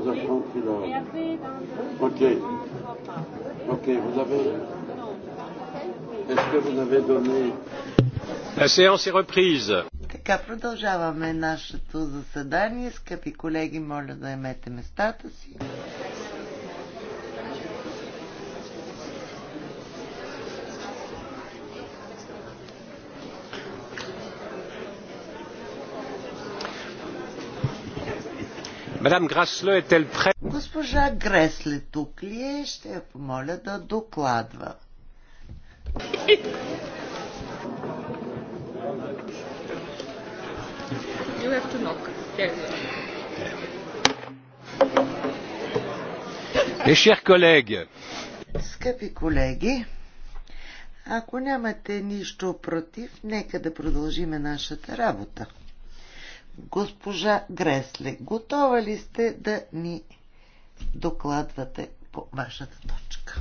vous a qu'il là. Ok. Ok, vous avez. Est-ce que vous avez donné. La séance est reprise. Така, продължаваме нашето заседание. Скъпи колеги, моля да имете местата си. Госпожа Гресле тук ли е? Ще я помоля да докладва. You have to knock. Yes. Mes chers collègues, Скъпи колеги, ако нямате нищо против, нека да продължиме нашата работа. Госпожа Гресле, готова ли сте да ни докладвате по вашата точка?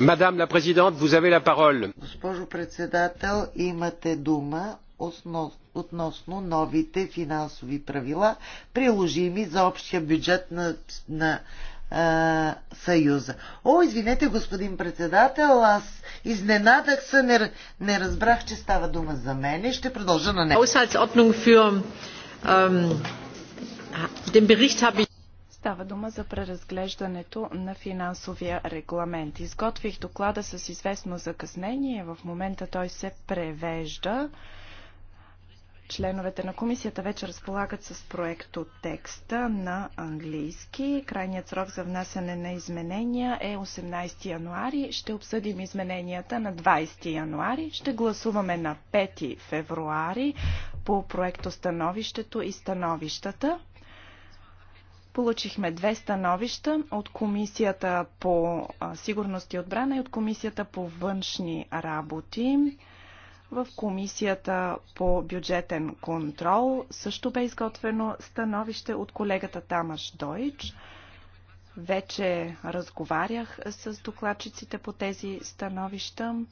Мадам la президент, vous avez la parole. Госпожо председател, имате дума относно новите финансови правила, приложими за общия бюджет на, на а, Съюза. О, извинете, господин председател, аз изненадах се, не, не разбрах, че става дума за мен и ще продължа на него. Ähm, става дума за преразглеждането на финансовия регламент. Изготвих доклада с известно закъснение. В момента той се превежда. Членовете на комисията вече разполагат с проекто текста на английски. Крайният срок за внасяне на изменения е 18 януари. Ще обсъдим измененията на 20 януари. Ще гласуваме на 5 февруари по проекто становището и становищата. Получихме две становища от Комисията по сигурност и отбрана и от Комисията по външни работи. В комисията по бюджетен контрол също бе изготвено становище от колегата Тамаш Дойч. Вече разговарях с докладчиците по тези становища.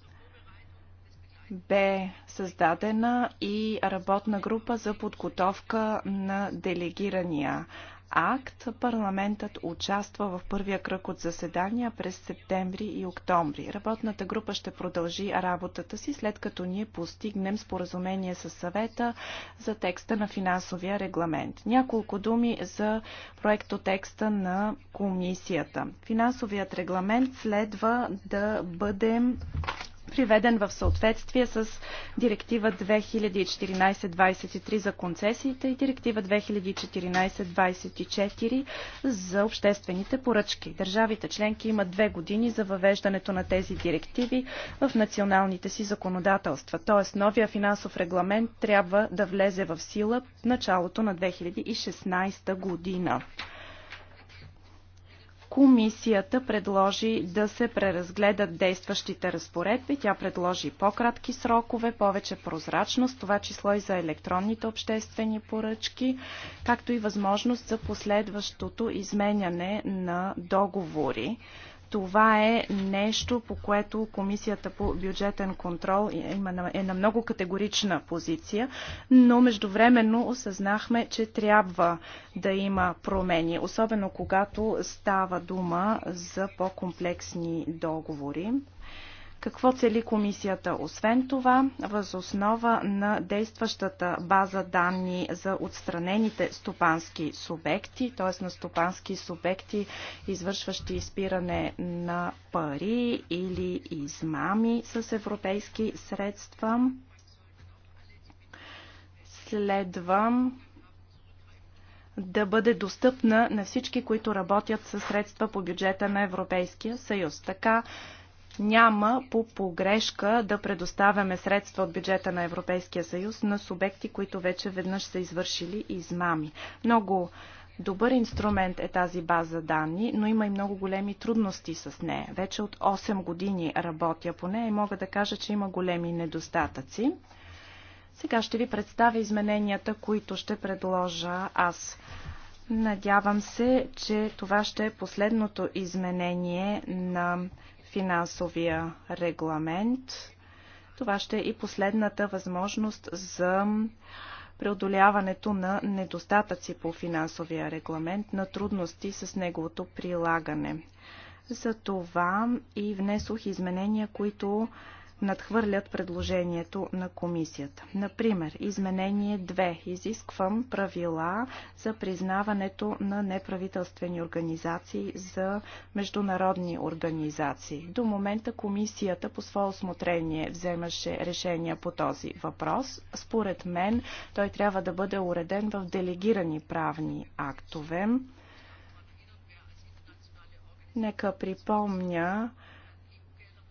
Бе създадена и работна група за подготовка на делегирания акт, парламентът участва в първия кръг от заседания през септември и октомври. Работната група ще продължи работата си, след като ние постигнем споразумение с съвета за текста на финансовия регламент. Няколко думи за проектотекста на комисията. Финансовият регламент следва да бъде приведен в съответствие с Директива 2014-23 за концесиите и Директива 2014-24 за обществените поръчки. Държавите членки имат две години за въвеждането на тези директиви в националните си законодателства. Т.е. новия финансов регламент трябва да влезе в сила в началото на 2016 година. Комисията предложи да се преразгледат действащите разпоредби. Тя предложи по-кратки срокове, повече прозрачност, това число и за електронните обществени поръчки, както и възможност за последващото изменяне на договори това е нещо, по което Комисията по бюджетен контрол е, е на много категорична позиция, но междувременно осъзнахме, че трябва да има промени, особено когато става дума за по-комплексни договори. Какво цели комисията? Освен това, възоснова на действащата база данни за отстранените стопански субекти, т.е. на стопански субекти, извършващи изпиране на пари или измами с европейски средства, следвам да бъде достъпна на всички, които работят със средства по бюджета на Европейския съюз. Така няма по погрешка да предоставяме средства от бюджета на Европейския съюз на субекти, които вече веднъж са извършили измами. Много добър инструмент е тази база данни, но има и много големи трудности с нея. Вече от 8 години работя по нея и мога да кажа, че има големи недостатъци. Сега ще ви представя измененията, които ще предложа аз. Надявам се, че това ще е последното изменение на финансовия регламент. Това ще е и последната възможност за преодоляването на недостатъци по финансовия регламент, на трудности с неговото прилагане. За това и внесох изменения, които надхвърлят предложението на комисията. Например, изменение 2. Изисквам правила за признаването на неправителствени организации за международни организации. До момента комисията по свое осмотрение вземаше решение по този въпрос. Според мен той трябва да бъде уреден в делегирани правни актове. Нека припомня,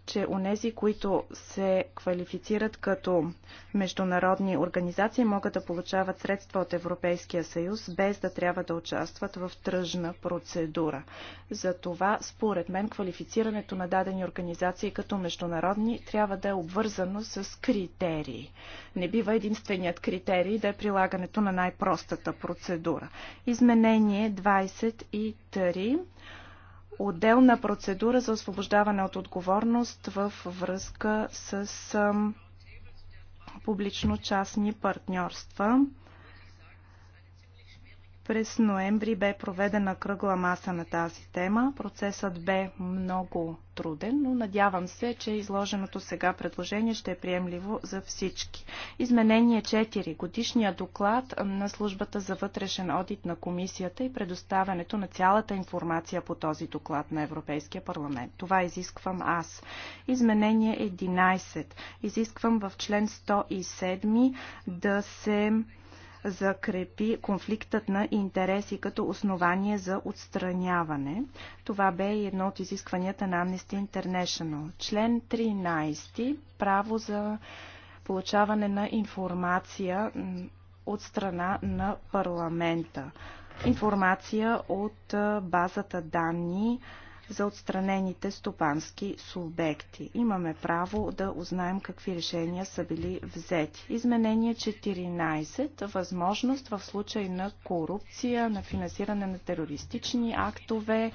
че онези, които се квалифицират като международни организации, могат да получават средства от Европейския съюз, без да трябва да участват в тръжна процедура. За това, според мен, квалифицирането на дадени организации като международни трябва да е обвързано с критерии. Не бива единственият критерий да е прилагането на най-простата процедура. Изменение 23 отделна процедура за освобождаване от отговорност в връзка с публично-частни партньорства. През ноември бе проведена кръгла маса на тази тема. Процесът бе много труден, но надявам се, че изложеното сега предложение ще е приемливо за всички. Изменение 4. Годишния доклад на службата за вътрешен одит на комисията и предоставянето на цялата информация по този доклад на Европейския парламент. Това изисквам аз. Изменение 11. Изисквам в член 107 да се закрепи конфликтът на интереси като основание за отстраняване. Това бе и едно от изискванията на Amnesty International. Член 13. Право за получаване на информация от страна на парламента. Информация от базата данни за отстранените стопански субекти. Имаме право да узнаем какви решения са били взети. Изменение 14. Възможност в случай на корупция, на финансиране на терористични актове,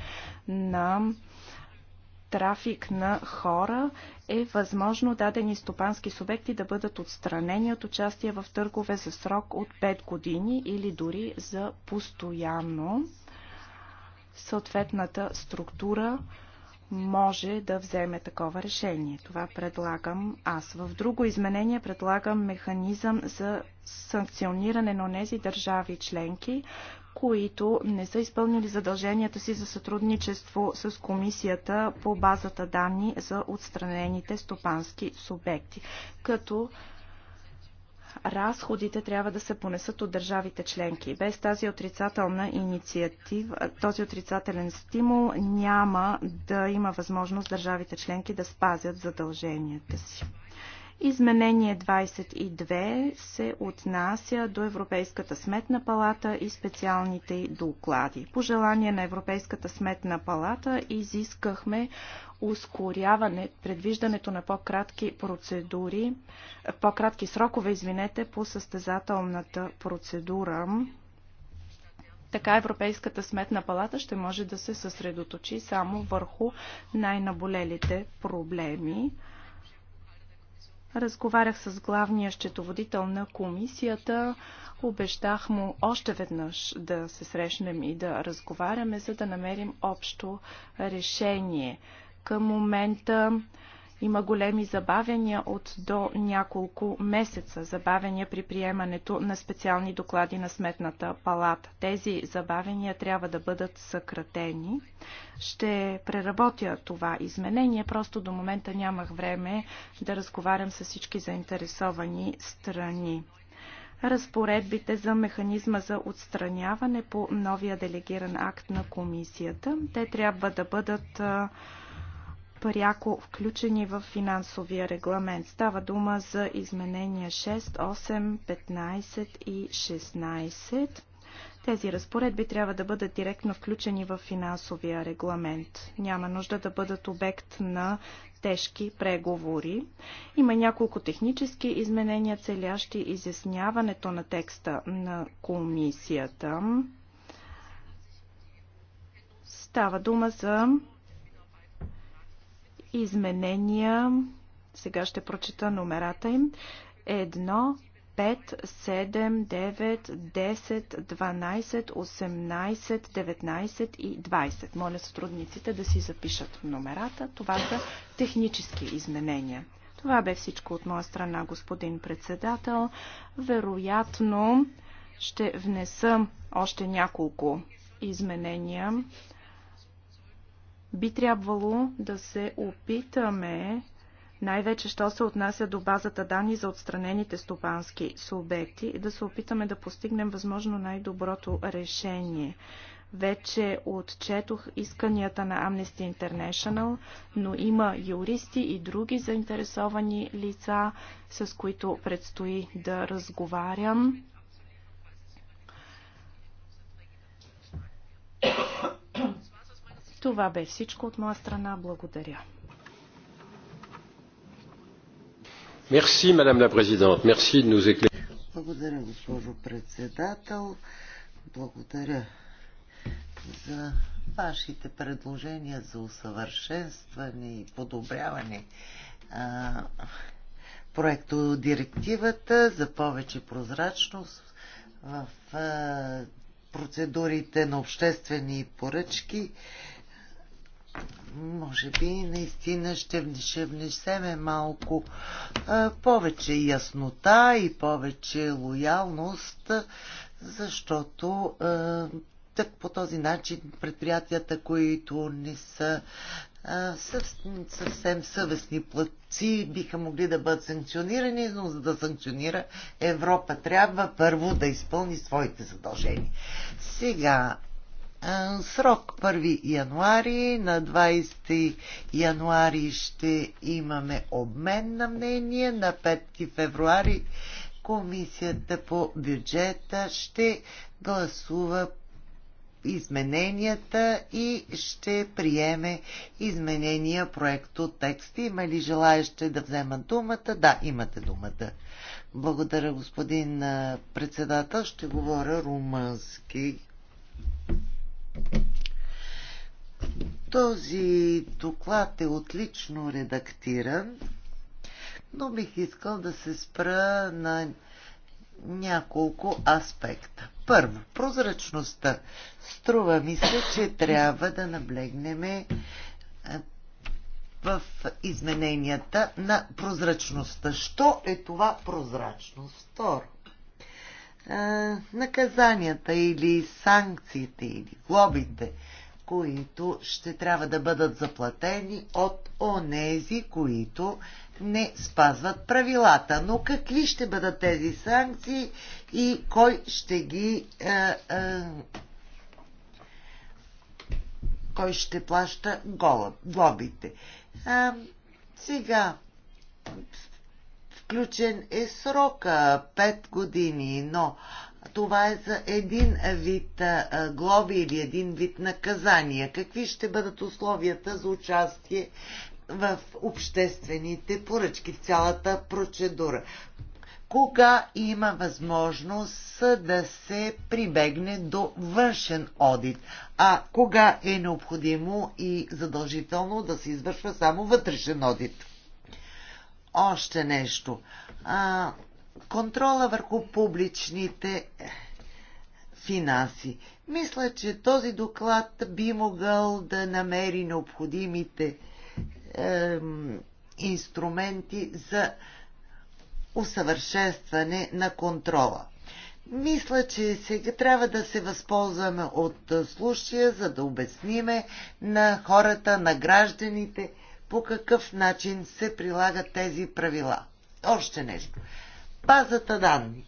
на трафик на хора е възможно дадени стопански субекти да бъдат отстранени от участие в търгове за срок от 5 години или дори за постоянно съответната структура може да вземе такова решение. Това предлагам аз. В друго изменение предлагам механизъм за санкциониране на тези държави членки, които не са изпълнили задълженията си за сътрудничество с комисията по базата данни за отстранените стопански субекти, като разходите трябва да се понесат от държавите членки. Без тази отрицателна инициатива, този отрицателен стимул няма да има възможност държавите членки да спазят задълженията си. Изменение 22 се отнася до Европейската сметна палата и специалните доклади. По желание на Европейската сметна палата изискахме ускоряване, предвиждането на по-кратки процедури, по-кратки срокове, извинете, по състезателната процедура. Така Европейската сметна палата ще може да се съсредоточи само върху най-наболелите проблеми. Разговарях с главния счетоводител на комисията. Обещах му още веднъж да се срещнем и да разговаряме, за да намерим общо решение. Към момента има големи забавения от до няколко месеца, Забавения при приемането на специални доклади на Сметната палата. Тези забавения трябва да бъдат съкратени. Ще преработя това изменение, просто до момента нямах време да разговарям с всички заинтересовани страни разпоредбите за механизма за отстраняване по новия делегиран акт на комисията. Те трябва да бъдат пряко включени в финансовия регламент. Става дума за изменения 6, 8, 15 и 16. Тези разпоредби трябва да бъдат директно включени в финансовия регламент. Няма нужда да бъдат обект на тежки преговори. Има няколко технически изменения, целящи изясняването на текста на комисията. Става дума за изменения, сега ще прочита номерата им, 1, 5, 7, 9, 10, 12, 18, 19 и 20. Моля сътрудниците да си запишат номерата. Това са технически изменения. Това бе всичко от моя страна, господин председател. Вероятно ще внеса още няколко изменения би трябвало да се опитаме най-вече, що се отнася до базата данни за отстранените стопански субекти, да се опитаме да постигнем възможно най-доброто решение. Вече отчетох исканията на Amnesty International, но има юристи и други заинтересовани лица, с които предстои да разговарям. Това бе всичко от моя страна. Благодаря. Merci, Madame la Présidente. Merci de nous éclairer. Благодаря, госпожо председател. Благодаря за вашите предложения за усъвършенстване и подобряване а, проекто директивата за повече прозрачност в а, процедурите на обществени поръчки може би наистина ще, ще внесеме малко а, повече яснота и повече лоялност, защото а, так по този начин предприятията, които не са съвсем съвестни платци, биха могли да бъдат санкционирани, но за да санкционира Европа трябва първо да изпълни своите задължения. Сега, срок 1 януари. На 20 януари ще имаме обмен на мнение. На 5 февруари Комисията по бюджета ще гласува измененията и ще приеме изменения проекто текст. Има ли желаящи да вземат думата? Да, имате думата. Благодаря, господин председател. Ще говоря румънски. Този доклад е отлично редактиран, но бих искал да се спра на няколко аспекта. Първо, прозрачността. Струва ми се, че трябва да наблегнем е, в измененията на прозрачността. Що е това прозрачност? Второ, наказанията или санкциите или глобите, които ще трябва да бъдат заплатени от онези, които не спазват правилата. Но какви ще бъдат тези санкции и кой ще ги. Е, е, кой ще плаща глобите? А, сега Включен е срока 5 години, но това е за един вид глоби или един вид наказания. Какви ще бъдат условията за участие в обществените поръчки, в цялата процедура? Кога има възможност да се прибегне до външен одит? А кога е необходимо и задължително да се извършва само вътрешен одит? още нещо. А, контрола върху публичните финанси. Мисля, че този доклад би могъл да намери необходимите е, инструменти за усъвършенстване на контрола. Мисля, че сега трябва да се възползваме от случая, за да обясниме на хората, на гражданите – по какъв начин се прилагат тези правила. Още нещо. Базата данни.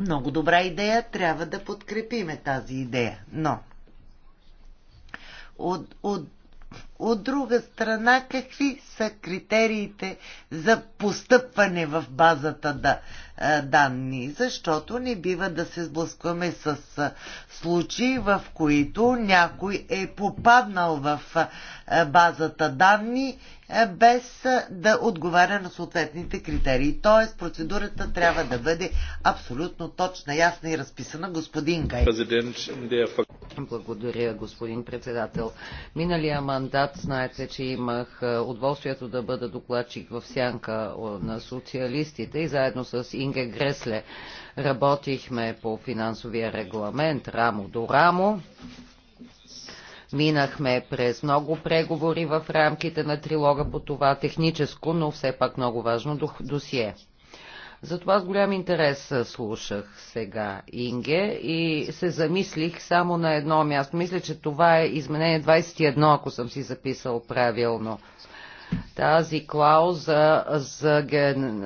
Много добра идея, трябва да подкрепиме тази идея, но от, от, от друга страна, какви са критериите за постъпване в базата да, а, е, данни? Защото не бива да се сблъскваме с а, е, случаи, в които някой е попаднал в а, е, базата данни а, без а, да отговаря на съответните критерии. Тоест, процедурата трябва да бъде абсолютно точна, ясна и разписана, господин Гай. Благодаря, господин председател. Миналия мандат доклад. Знаете, че имах е, удоволствието да бъда докладчик в сянка на социалистите и заедно с Инге Гресле работихме по финансовия регламент рамо до рамо. Минахме през много преговори в рамките на трилога по това техническо, но все пак много важно досие. Затова с голям интерес слушах сега Инге и се замислих само на едно място. Мисля, че това е изменение 21, ако съм си записал правилно тази клауза за, ген,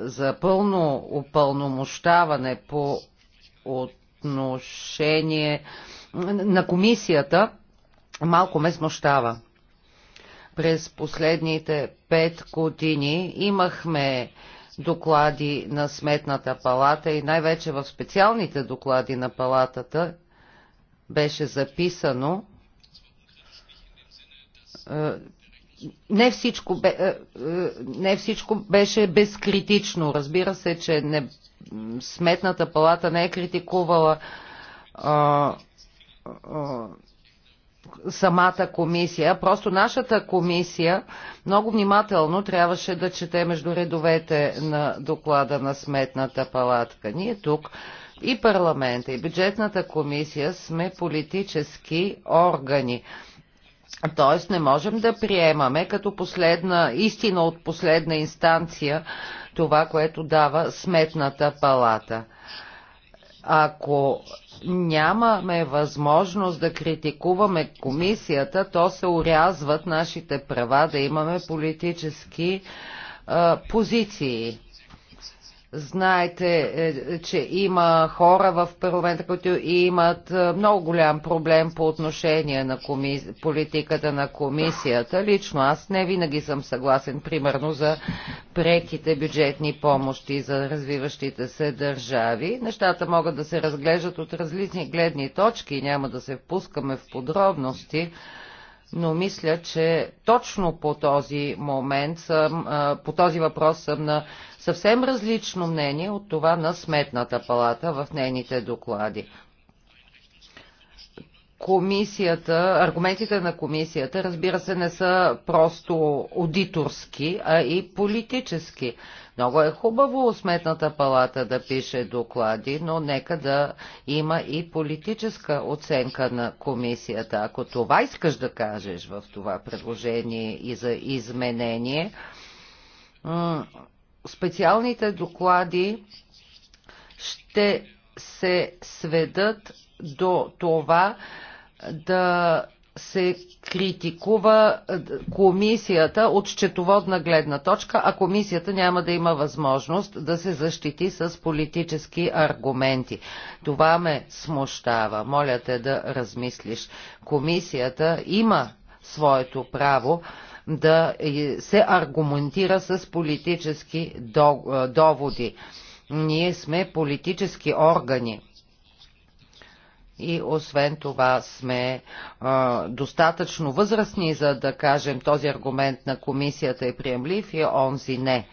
за пълно упълномощаване по отношение на комисията малко ме смущава. През последните пет години имахме доклади на Сметната палата и най-вече в специалните доклади на палатата беше записано, е, не всичко, бе, е, е, не всичко беше безкритично. Разбира се, че не, Сметната палата не е критикувала а, а, самата комисия. Просто нашата комисия много внимателно трябваше да чете между редовете на доклада на Сметната палатка. Ние тук и парламента, и бюджетната комисия сме политически органи. Тоест не можем да приемаме като последна, истина от последна инстанция това, което дава Сметната палата. Ако нямаме възможност да критикуваме комисията, то се урязват нашите права да имаме политически позиции. Знаете, е, че има хора в парламента, които имат е, много голям проблем по отношение на коми... политиката на комисията. Лично аз не винаги съм съгласен, примерно, за преките бюджетни помощи за развиващите се държави. Нещата могат да се разглеждат от различни гледни точки и няма да се впускаме в подробности но мисля, че точно по този момент съм, е, по този въпрос съм на съвсем различно мнение от това на Сметната палата в нейните доклади. Комисията, аргументите на комисията, разбира се, не са просто аудиторски, а и политически. Много е хубаво Сметната палата да пише доклади, но нека да има и политическа оценка на комисията. Ако това искаш да кажеш в това предложение и за изменение, специалните доклади ще се сведат до това да се критикува комисията от счетоводна гледна точка, а комисията няма да има възможност да се защити с политически аргументи. Това ме смущава. Моля те да размислиш. Комисията има своето право да се аргументира с политически доводи. Ние сме политически органи и освен това сме а, достатъчно възрастни, за да кажем този аргумент на комисията е приемлив и онзи не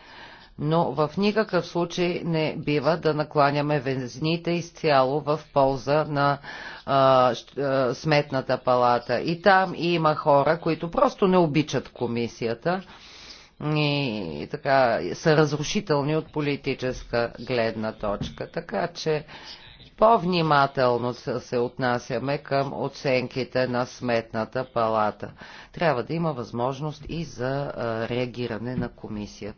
но в никакъв случай не бива да накланяме везните изцяло в полза на а, сметната палата. И там има хора, които просто не обичат комисията и така са разрушителни от политическа гледна точка. Така че по-внимателно се отнасяме към оценките на сметната палата. Трябва да има възможност и за реагиране на комисията.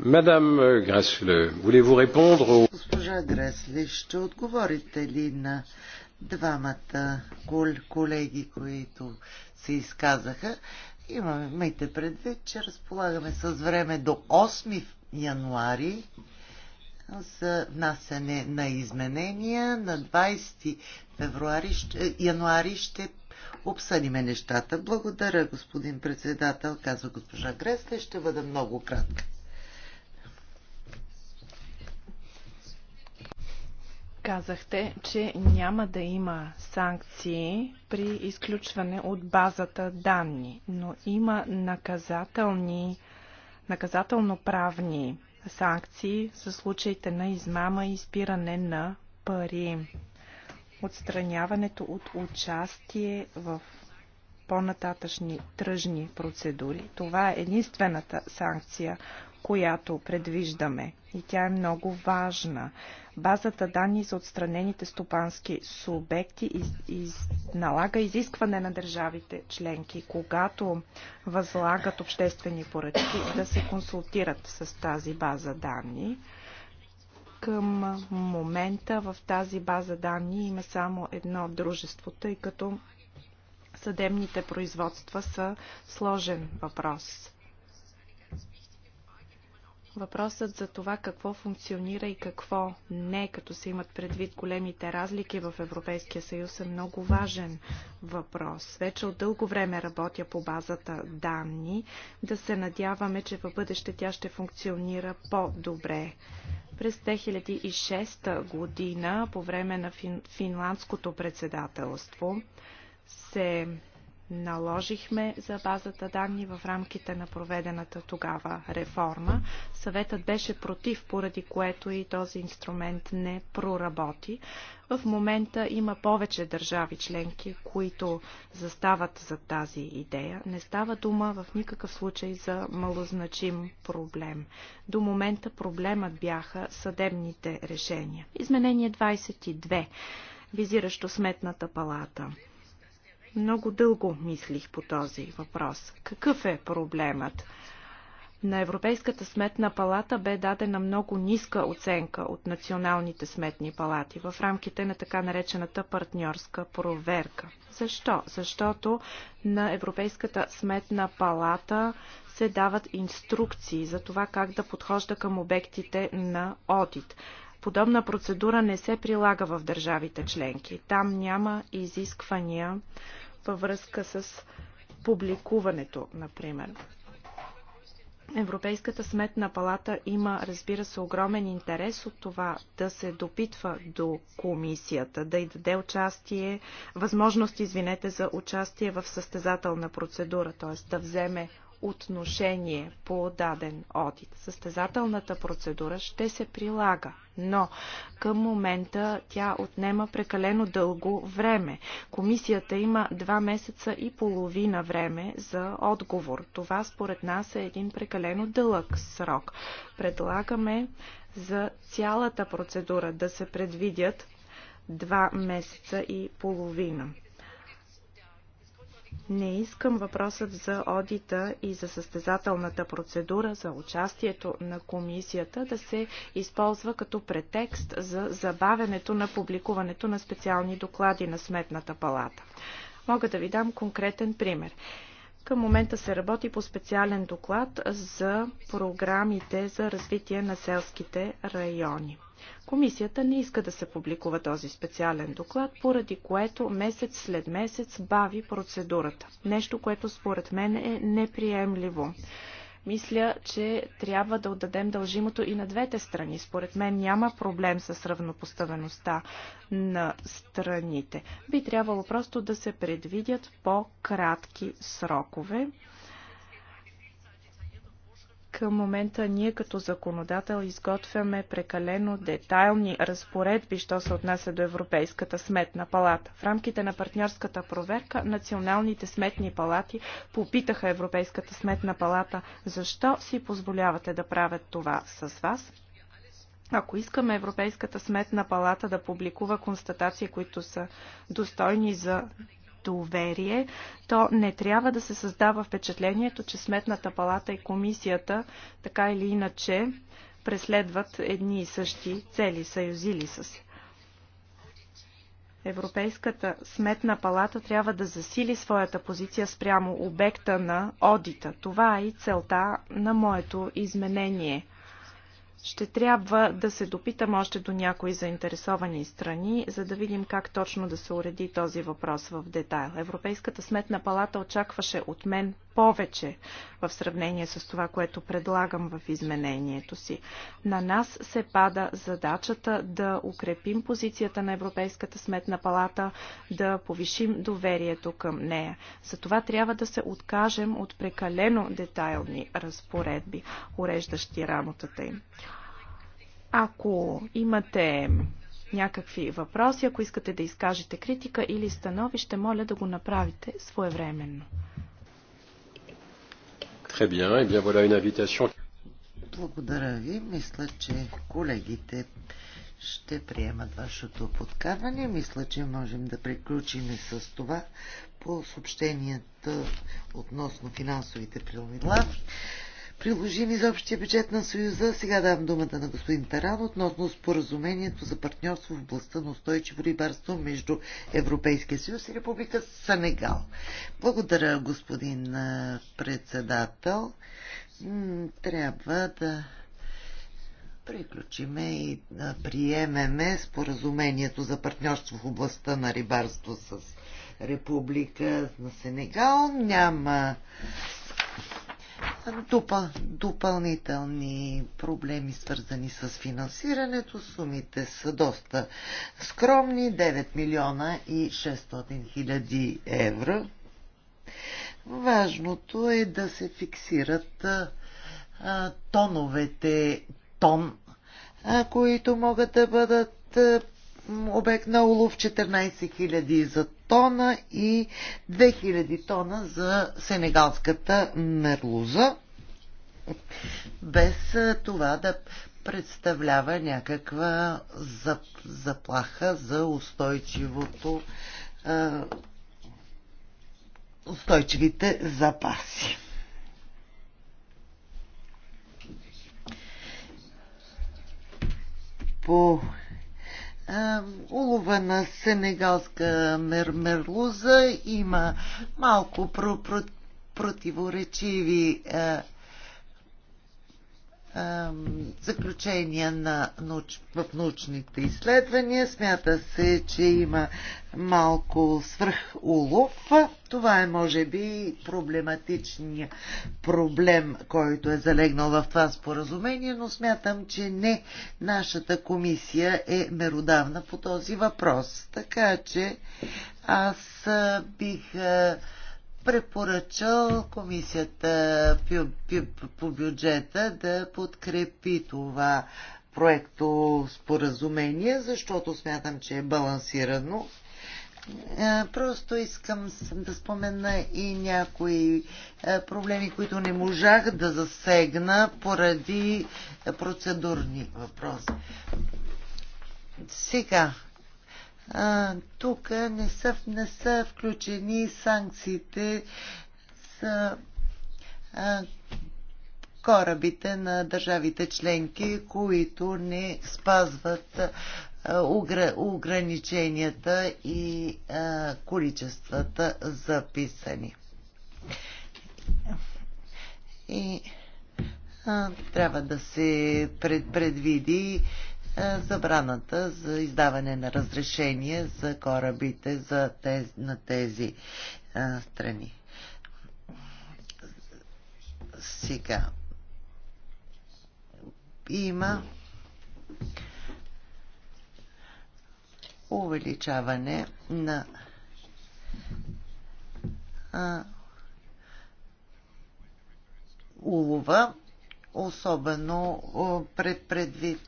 Мадам Гресле, euh, voulez-vous répondre Госпожа Гресле, ще отговорите ли на двамата колеги, които се изказаха? Имайте предвид, че разполагаме с време до 8 януари за внасяне на изменения. На 20 февруари, януари ще обсъдиме нещата. Благодаря, господин председател, казва госпожа Гресле. Ще бъда много кратка. Казахте, че няма да има санкции при изключване от базата данни, но има наказателни, наказателно-правни санкции за случаите на измама и изпиране на пари. Отстраняването от участие в по-нататъчни тръжни процедури. Това е единствената санкция, която предвиждаме и тя е много важна. Базата данни за отстранените стопански субекти из, из, налага изискване на държавите членки, когато възлагат обществени поръчки, да се консултират с тази база данни. Към момента в тази база данни има само едно дружество, тъй като съдебните производства са сложен въпрос. Въпросът за това какво функционира и какво не, като се имат предвид големите разлики в Европейския съюз, е много важен въпрос. Вече от дълго време работя по базата данни. Да се надяваме, че в бъдеще тя ще функционира по-добре. През 2006 година, по време на фин... финландското председателство, се наложихме за базата данни в рамките на проведената тогава реформа. Съветът беше против, поради което и този инструмент не проработи. В момента има повече държави членки, които застават за тази идея. Не става дума в никакъв случай за малозначим проблем. До момента проблемът бяха съдебните решения. Изменение 22 визиращо сметната палата. Много дълго мислих по този въпрос. Какъв е проблемът? На Европейската сметна палата бе дадена много ниска оценка от националните сметни палати в рамките на така наречената партньорска проверка. Защо? Защото на Европейската сметна палата се дават инструкции за това как да подхожда към обектите на одит. Подобна процедура не се прилага в държавите членки. Там няма изисквания във връзка с публикуването, например. Европейската сметна палата има, разбира се, огромен интерес от това да се допитва до комисията, да й даде участие, възможност, извинете, за участие в състезателна процедура, т.е. да вземе отношение по даден одит. Състезателната процедура ще се прилага, но към момента тя отнема прекалено дълго време. Комисията има два месеца и половина време за отговор. Това според нас е един прекалено дълъг срок. Предлагаме за цялата процедура да се предвидят два месеца и половина. Не искам въпросът за одита и за състезателната процедура за участието на комисията да се използва като претекст за забавянето на публикуването на специални доклади на Сметната палата. Мога да ви дам конкретен пример. Към момента се работи по специален доклад за програмите за развитие на селските райони. Комисията не иска да се публикува този специален доклад, поради което месец след месец бави процедурата. Нещо, което според мен е неприемливо. Мисля, че трябва да отдадем дължимото и на двете страни. Според мен няма проблем с равнопоставеността на страните. Би трябвало просто да се предвидят по-кратки срокове към момента ние като законодател изготвяме прекалено детайлни разпоредби, що се отнася до Европейската сметна палата. В рамките на партньорската проверка националните сметни палати попитаха Европейската сметна палата защо си позволявате да правят това с вас. Ако искаме Европейската сметна палата да публикува констатации, които са достойни за доверие, то не трябва да се създава впечатлението, че Сметната палата и комисията така или иначе преследват едни и същи цели, съюзили са се. Европейската сметна палата трябва да засили своята позиция спрямо обекта на одита. Това е и целта на моето изменение – ще трябва да се допитам още до някои заинтересовани страни, за да видим как точно да се уреди този въпрос в детайл. Европейската сметна палата очакваше от мен повече в сравнение с това, което предлагам в изменението си. На нас се пада задачата да укрепим позицията на Европейската сметна палата, да повишим доверието към нея. Затова трябва да се откажем от прекалено детайлни разпоредби, уреждащи работата им. Ако имате някакви въпроси, ако искате да изкажете критика или становище, моля да го направите своевременно. Eh Благодаря ви. Мисля, че колегите ще приемат вашето подкарване. Мисля, че можем да приключим с това по съобщенията относно финансовите правила приложими за общия бюджет на Съюза. Сега давам думата на господин Таран относно споразумението за партньорство в областта на устойчиво рибарство между Европейския съюз и Република Сенегал. Благодаря, господин председател. Трябва да приключиме и да приемеме споразумението за партньорство в областта на рибарство с Република на Сенегал. Няма допъл... допълнителни проблеми, свързани с финансирането. Сумите са доста скромни 9 милиона и 600 хиляди евро. Важното е да се фиксират а, тоновете тон, а, които могат да бъдат а, обект на улов 14 000 за тона и 2000 тона за сенегалската мерлуза, без това да представлява някаква заплаха за устойчивото устойчивите запаси. По улова на сенегалска Мермерлуза има малко про- про- противоречиви а, заключения на науч... в научните изследвания. Смята се, че има малко свръхулов. Това е, може би, проблематичният проблем, който е залегнал в това споразумение, но смятам, че не нашата комисия е меродавна по този въпрос. Така че аз бих препоръчал комисията по бюджета да подкрепи това проекто споразумение, защото смятам, че е балансирано. Е, просто искам да спомена и някои е, проблеми, които не можах да засегна поради процедурни въпроси. Сега, а, тук не са, не са включени санкциите за а, корабите на държавите членки, които не спазват ограниченията и а, количествата записани. И а, трябва да се предвиди е, забраната за издаване на разрешение за корабите за тез, на тези а, е, страни. Сега. Има увеличаване на а, е, улова, особено пред предвид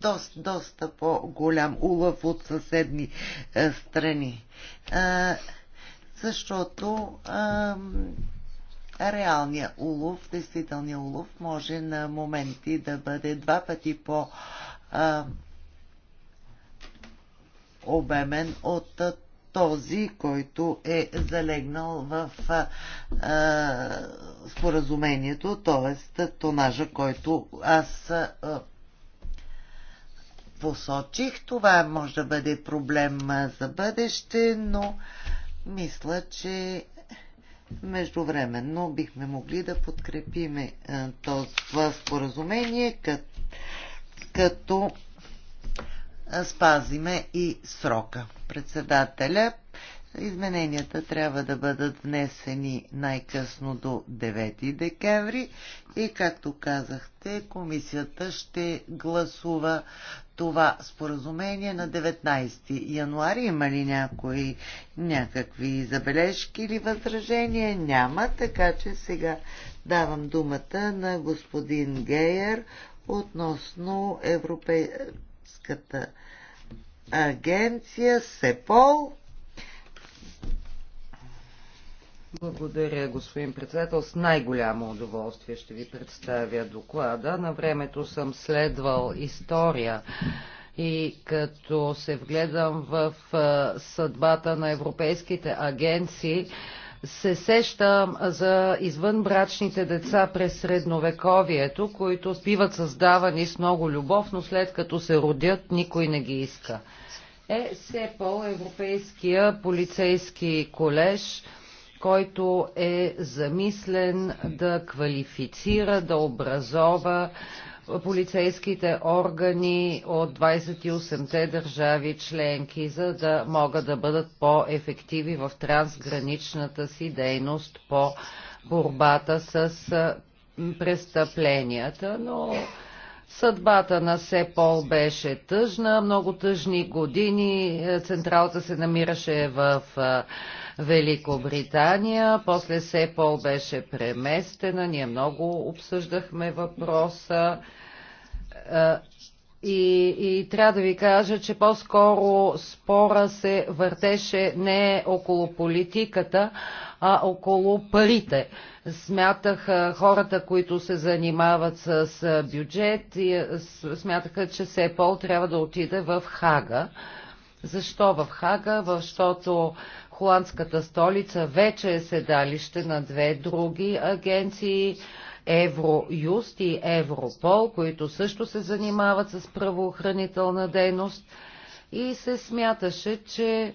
доста, доста по-голям улъв от съседни страни. Защото реалният улов, действителният улов може на моменти да бъде два пъти по обемен от този, който е залегнал в а, споразумението, т.е. тонажа, който аз а, посочих. Това може да бъде проблем за бъдеще, но мисля, че междувременно бихме могли да подкрепим това споразумение, като спазиме и срока. Председателя Измененията трябва да бъдат внесени най-късно до 9 декември и, както казахте, комисията ще гласува това споразумение на 19 януари. Има ли някои, някакви забележки или възражения? Няма, така че сега давам думата на господин Гейер относно Европейската агенция СЕПОЛ Благодаря, господин председател. С най-голямо удоволствие ще ви представя доклада. На времето съм следвал история и като се вгледам в съдбата на европейските агенции, се сещам за извънбрачните деца през средновековието, които биват създавани с много любов, но след като се родят, никой не ги иска. Е, СЕПОЛ, Европейския полицейски колеж, който е замислен да квалифицира, да образова полицейските органи от 28-те държави членки, за да могат да бъдат по-ефективи в трансграничната си дейност по борбата с престъпленията, но Съдбата на Сепол беше тъжна, много тъжни години. Централата се намираше в Великобритания. После Сепол беше преместена. Ние много обсъждахме въпроса. Е, и, и трябва да ви кажа, че по-скоро спора се въртеше не около политиката, а около парите. Смятаха хората, които се занимават с бюджет, е, смятаха, че Сепол трябва да отиде в Хага. Защо в Хага? Защото Холандската столица вече е седалище на две други агенции Евроюст и Европол, които също се занимават с правоохранителна дейност и се смяташе, че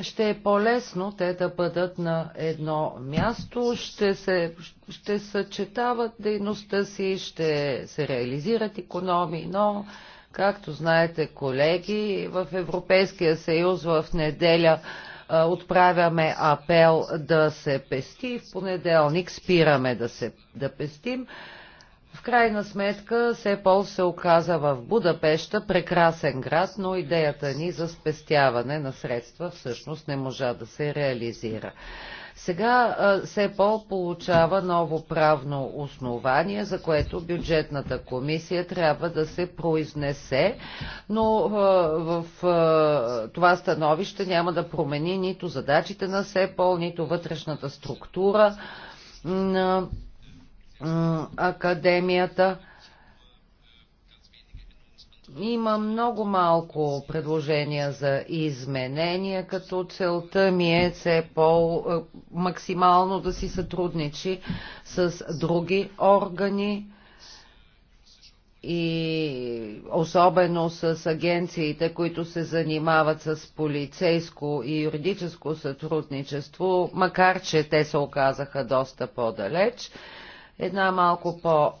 ще е по-лесно те да бъдат на едно място, ще, се, ще съчетават дейността си, ще се реализират економии, но, както знаете, колеги, в Европейския съюз в неделя Отправяме апел да се пести. В понеделник спираме да, се, да пестим. В крайна сметка Сепол се оказа в Будапеща, прекрасен град, но идеята ни за спестяване на средства всъщност не можа да се реализира. Сега СЕПОЛ получава ново правно основание, за което бюджетната комисия трябва да се произнесе, но в това становище няма да промени нито задачите на СЕПОЛ, нито вътрешната структура на академията. Има много малко предложения за изменения, като целта ми е по е, максимално да си сътрудничи с други органи и особено с агенциите, които се занимават с полицейско и юридическо сътрудничество, макар че те се оказаха доста по-далеч. Една малко по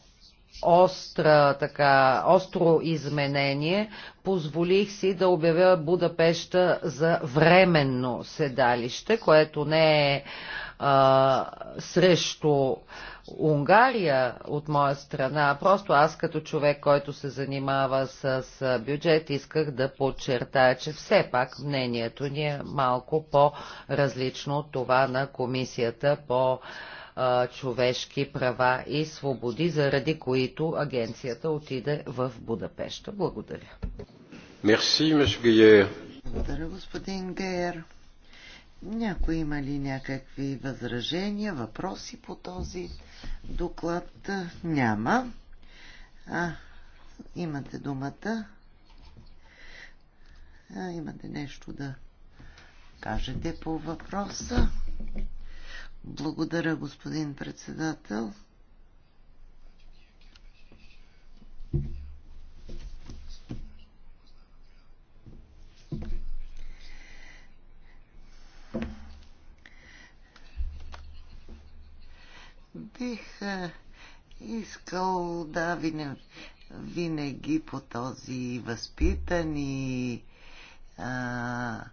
остра, така, остро изменение, позволих си да обявя Будапешта за временно седалище, което не е а, срещу Унгария от моя страна. Просто аз като човек, който се занимава с бюджет, исках да подчертая, че все пак мнението ни е малко по-различно от това на комисията по а, а, човешки права и свободи, заради които агенцията отиде в Будапешта. Благодаря. Мерси, Благодаря, господин Гейер. Някой има ли някакви възражения, въпроси по този доклад? Няма. А, имате думата. А, имате нещо да кажете по въпроса? Благодаря, господин председател. Бих искал да винаги, винаги по този възпитан и, а,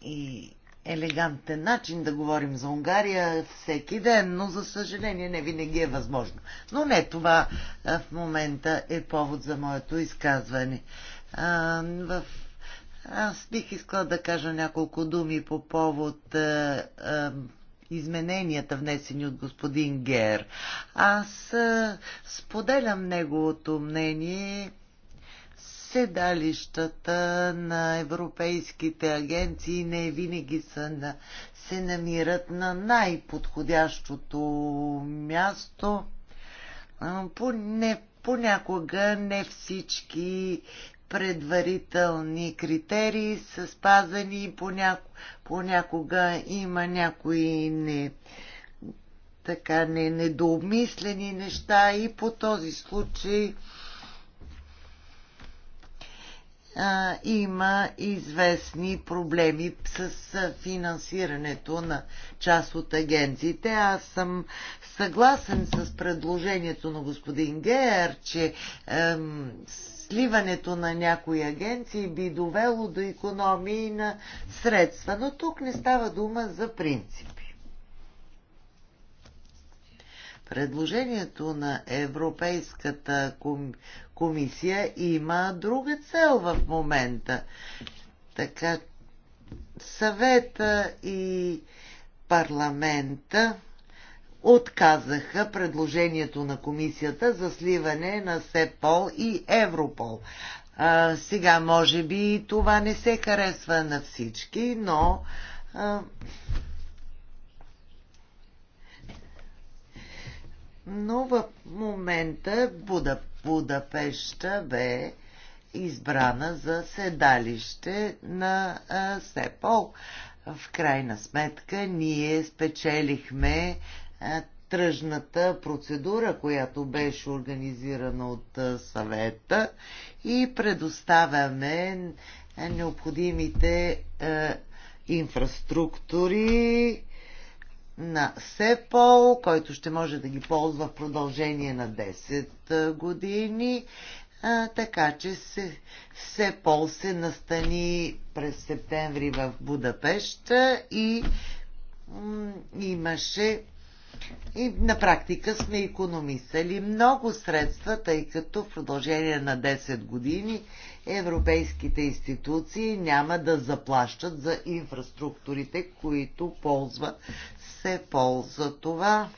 и елегантен начин да говорим за Унгария всеки ден, но за съжаление не винаги е възможно. Но не това в момента е повод за моето изказване. А, в... Аз бих искала да кажа няколко думи по повод а, а, измененията, внесени от господин Гер. Аз а, споделям неговото мнение седалищата на европейските агенции не винаги са на, се намират на най-подходящото място. По, не, понякога не всички предварителни критерии са спазани, поняко, понякога има някои не, така не, недообмислени неща и по този случай а, има известни проблеми с финансирането на част от агенциите. Аз съм съгласен с предложението на господин Геер, че ем, сливането на някои агенции би довело до економии на средства, но тук не става дума за принципи. Предложението на Европейската комисия комисия има друга цел в момента. Така, съвета и парламента отказаха предложението на комисията за сливане на СЕПОЛ и Европол. А, сега, може би, това не се харесва на всички, но а, но в момента Будапешт Будапешта бе избрана за седалище на СЕПОЛ. В крайна сметка ние спечелихме тръжната процедура, която беше организирана от съвета и предоставяме необходимите инфраструктури на СЕПОЛ, който ще може да ги ползва в продължение на 10 години. А, така че се, СЕПОЛ се настани през септември в Будапешта и имаше и на практика сме економисали много средства, тъй като в продължение на 10 години европейските институции няма да заплащат за инфраструктурите, които ползва се ползва. Това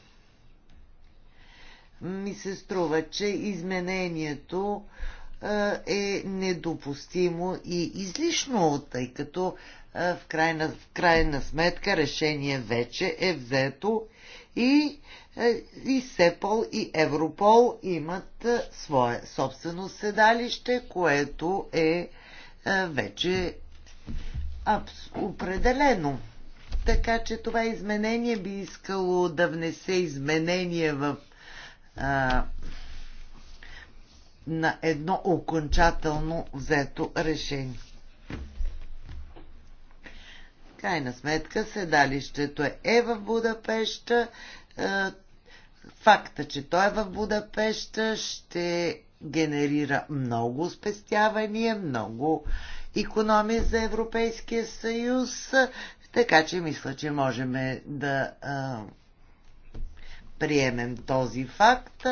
ми се струва, че изменението е недопустимо и излишно, тъй като в крайна, в крайна сметка решение вече е взето и, и СЕПОЛ и Европол имат свое собствено седалище, което е вече определено. Така че това изменение би искало да внесе изменение в а, на едно окончателно взето решение. Крайна сметка, седалището е, е в Будапеща. Факта, че той е в Будапеща, ще генерира много спестявания, много економия за Европейския съюз, така че мисля, че можем да а, приемем този факт.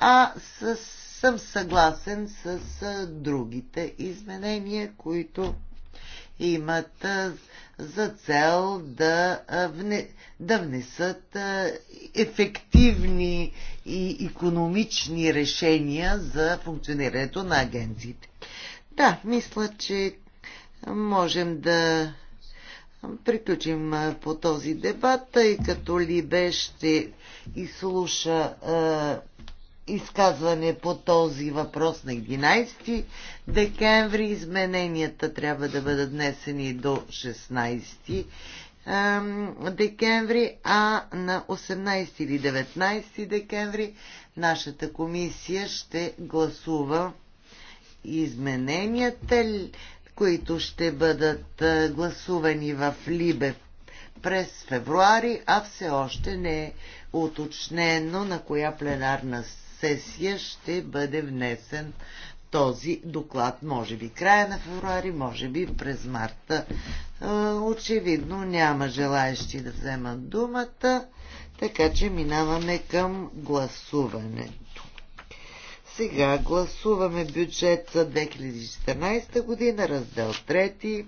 А с, съм съгласен с а, другите изменения, които имат а, за цел да, а, вне, да внесат а, ефективни и економични решения за функционирането на агенциите. Да, мисля, че можем да приключим по този дебат, тъй като Либе ще изслуша е, изказване по този въпрос на 11 декември. Измененията трябва да бъдат внесени до 16 декември, а на 18 или 19 декември нашата комисия ще гласува измененията които ще бъдат гласувани в Либе през февруари, а все още не е уточнено на коя пленарна сесия ще бъде внесен този доклад. Може би края на февруари, може би през марта. Очевидно няма желаящи да вземат думата, така че минаваме към гласуването. Сега гласуваме бюджет за 2014 година, раздел 3,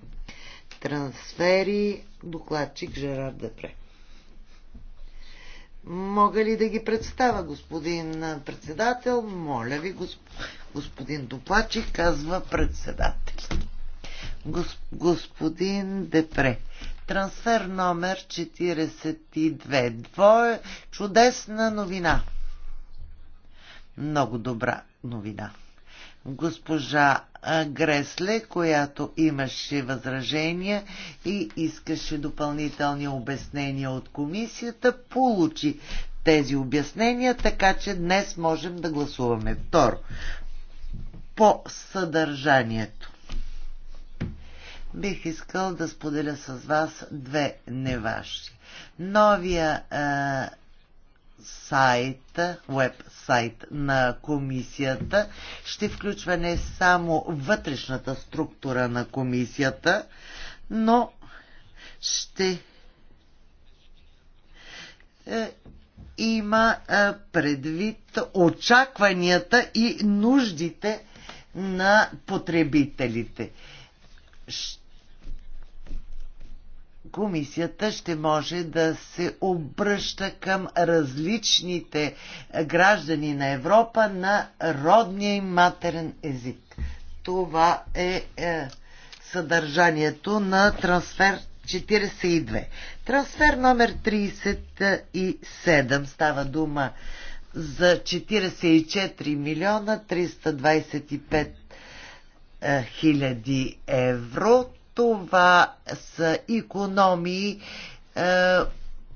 трансфери, докладчик Жерар Депре. Мога ли да ги представя, господин председател? Моля ви, господин Доплачик, казва председател. Господин Депре. Трансфер номер 42. Двое. Чудесна новина много добра новина. Госпожа Гресле, която имаше възражения и искаше допълнителни обяснения от комисията, получи тези обяснения, така че днес можем да гласуваме. Второ, по съдържанието. Бих искал да споделя с вас две неваши. Новия а, сайт, веб сайт на комисията ще включва не само вътрешната структура на комисията, но ще е, има е, предвид очакванията и нуждите на потребителите. Ще комисията ще може да се обръща към различните граждани на Европа на родния и матерен език. Това е, е съдържанието на трансфер 42. Трансфер номер 37 става дума за 44 милиона 325 е, хиляди евро. Това са економии, е,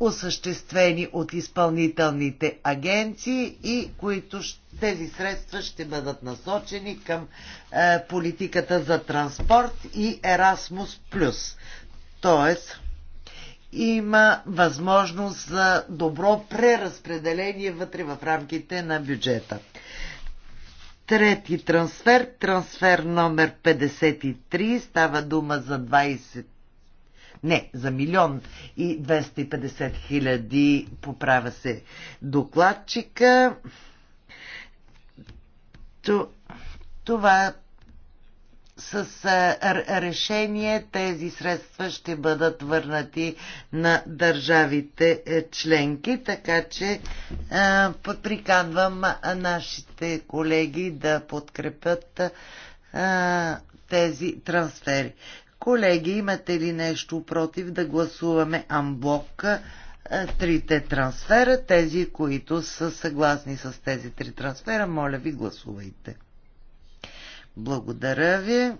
осъществени от изпълнителните агенции и които тези средства ще бъдат насочени към е, политиката за транспорт и Erasmus+. Тоест, има възможност за добро преразпределение вътре в рамките на бюджета. Трети трансфер, трансфер номер 53, става дума за 20 не, за милион и 250 хиляди поправя се докладчика. това с решение тези средства ще бъдат върнати на държавите е, членки, така че приканвам нашите колеги да подкрепят тези трансфери. Колеги, имате ли нещо против да гласуваме амблок трите трансфера? Тези, които са съгласни с тези три трансфера, моля ви гласувайте. Благодаря ви.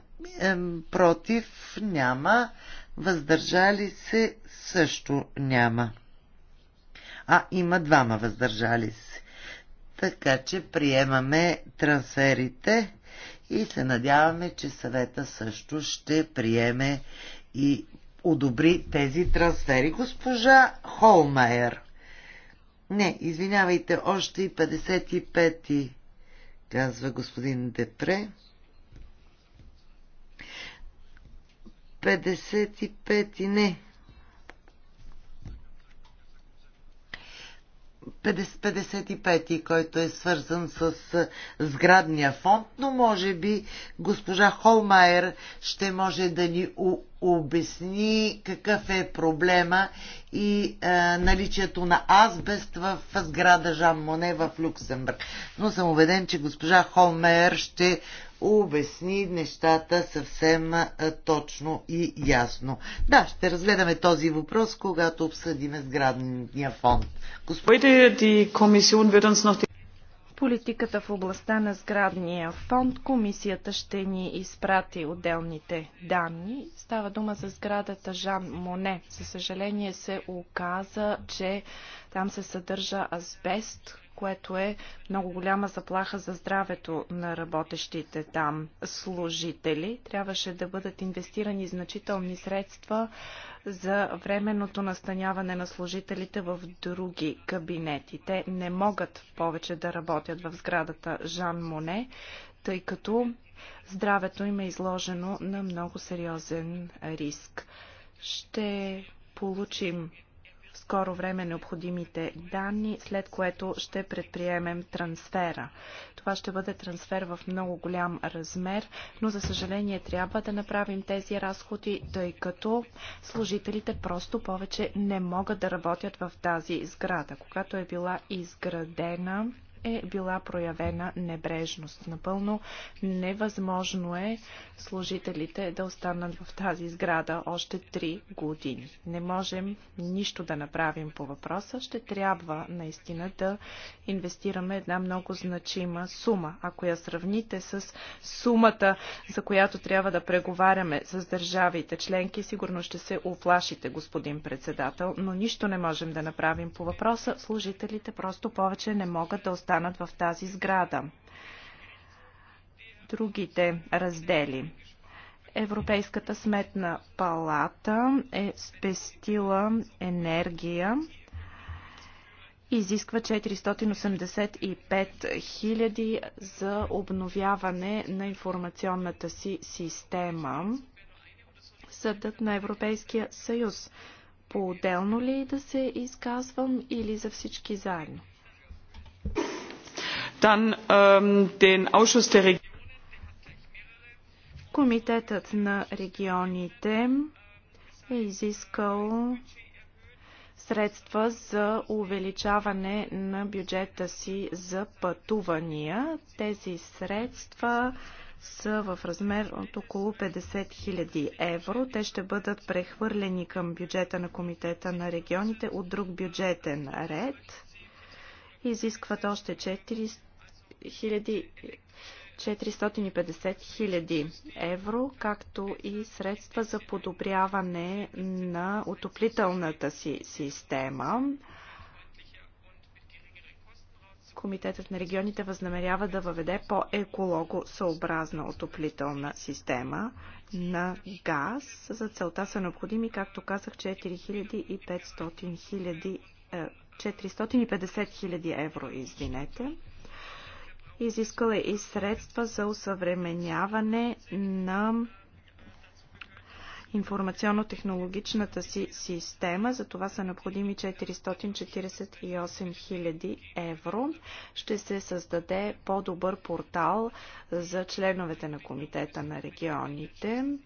Против няма. Въздържали се също няма. А има двама въздържали се. Така че приемаме трансферите и се надяваме, че съвета също ще приеме и одобри тези трансфери. Госпожа Холмайер. Не, извинявайте, още и 55-ти, казва господин Депре. 55 и не. 55, който е свързан с сградния фонд, но може би госпожа Холмайер ще може да ни обясни какъв е проблема и е, наличието на азбест в сграда Жан Моне в Люксембург. Но съм убеден, че госпожа Холмайер ще обясни нещата съвсем точно и ясно. Да, ще разгледаме този въпрос, когато обсъдиме сградния фонд. политиката в областта на сградния фонд, комисията ще ни изпрати отделните данни. Става дума за сградата Жан Моне. За съжаление се оказа, че там се съдържа азбест, което е много голяма заплаха за здравето на работещите там служители. Трябваше да бъдат инвестирани значителни средства за временното настаняване на служителите в други кабинети. Те не могат повече да работят в сградата Жан Моне, тъй като здравето им е изложено на много сериозен риск. Ще получим скоро време необходимите данни, след което ще предприемем трансфера. Това ще бъде трансфер в много голям размер, но за съжаление трябва да направим тези разходи, тъй като служителите просто повече не могат да работят в тази сграда. Когато е била изградена, е била проявена небрежност. Напълно невъзможно е служителите да останат в тази сграда още 3 години. Не можем нищо да направим по въпроса. Ще трябва наистина да инвестираме една много значима сума. Ако я сравните с сумата, за която трябва да преговаряме с държавите членки, сигурно ще се оплашите, господин председател, но нищо не можем да направим по въпроса. Служителите просто повече не могат да останат останат в тази сграда. Другите раздели. Европейската сметна палата е спестила енергия изисква 485 000 за обновяване на информационната си система. Съдът на Европейския съюз. По-отделно ли е да се изказвам или за всички заедно? Dann ähm, den Ausschuss der Regionen. Комитетът на регионите е изискал средства за увеличаване на бюджета си за пътувания. Тези средства са в размер от около 50 000 евро. Те ще бъдат прехвърлени към бюджета на Комитета на регионите от друг бюджетен ред. Изискват още 400 хиляди 450 хиляди евро, както и средства за подобряване на отоплителната си система. Комитетът на регионите възнамерява да въведе по-екологосъобразна отоплителна система на газ. За целта са необходими, както казах, 4500 хиляди 450 е, хиляди евро, извинете. Изискала и средства за усъвременяване на информационно-технологичната си система. За това са необходими 448 000 евро. Ще се създаде по-добър портал за членовете на Комитета на регионите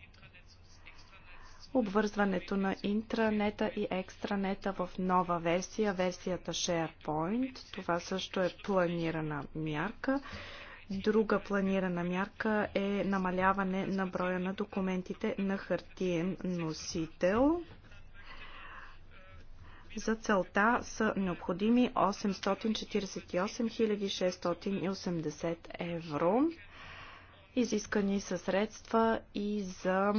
обвързването на интранета и екстранета в нова версия, версията SharePoint. Това също е планирана мярка. Друга планирана мярка е намаляване на броя на документите на хартиен носител. За целта са необходими 848 680 евро. Изискани са средства и за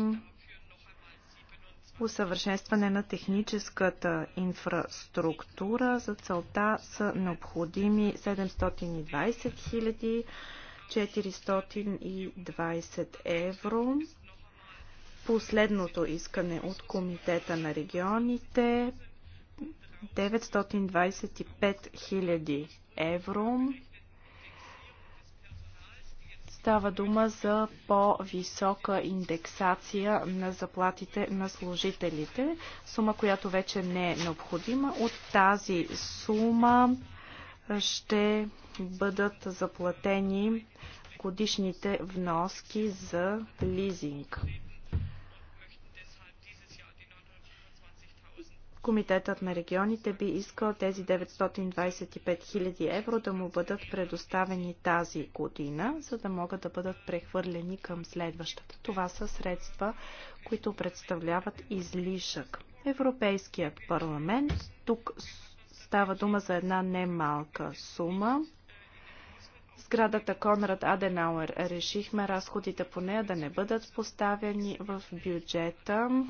усъвършенстване на техническата инфраструктура. За целта са необходими 720 420 евро. Последното искане от Комитета на регионите 925 000 евро. Става дума за по-висока индексация на заплатите на служителите, сума, която вече не е необходима. От тази сума ще бъдат заплатени годишните вноски за лизинг. Комитетът на регионите би искал тези 925 000 евро да му бъдат предоставени тази година, за да могат да бъдат прехвърлени към следващата. Това са средства, които представляват излишък. Европейският парламент, тук става дума за една немалка сума, Сградата Конрад Аденауер решихме разходите по нея да не бъдат поставени в бюджета.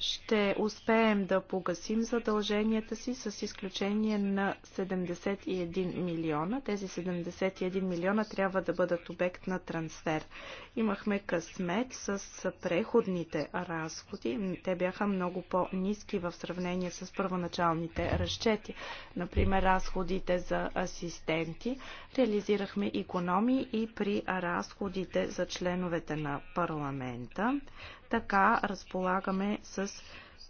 ще успеем да погасим задълженията си с изключение на 71 милиона. Тези 71 милиона трябва да бъдат обект на трансфер. Имахме късмет с преходните разходи. Те бяха много по-низки в сравнение с първоначалните разчети. Например, разходите за асистенти. Реализирахме економии и при разходите за членовете на парламента. Така разполагаме с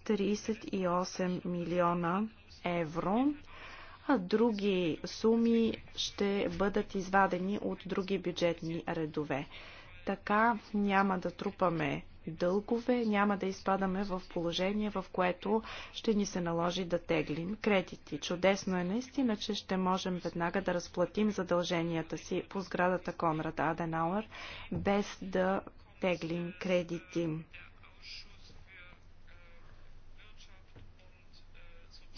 38 милиона евро, а други суми ще бъдат извадени от други бюджетни редове. Така няма да трупаме дългове, няма да изпадаме в положение, в което ще ни се наложи да теглим кредити. Чудесно е наистина, че ще можем веднага да разплатим задълженията си по сградата Конрад Аденауер, без да теглим кредити.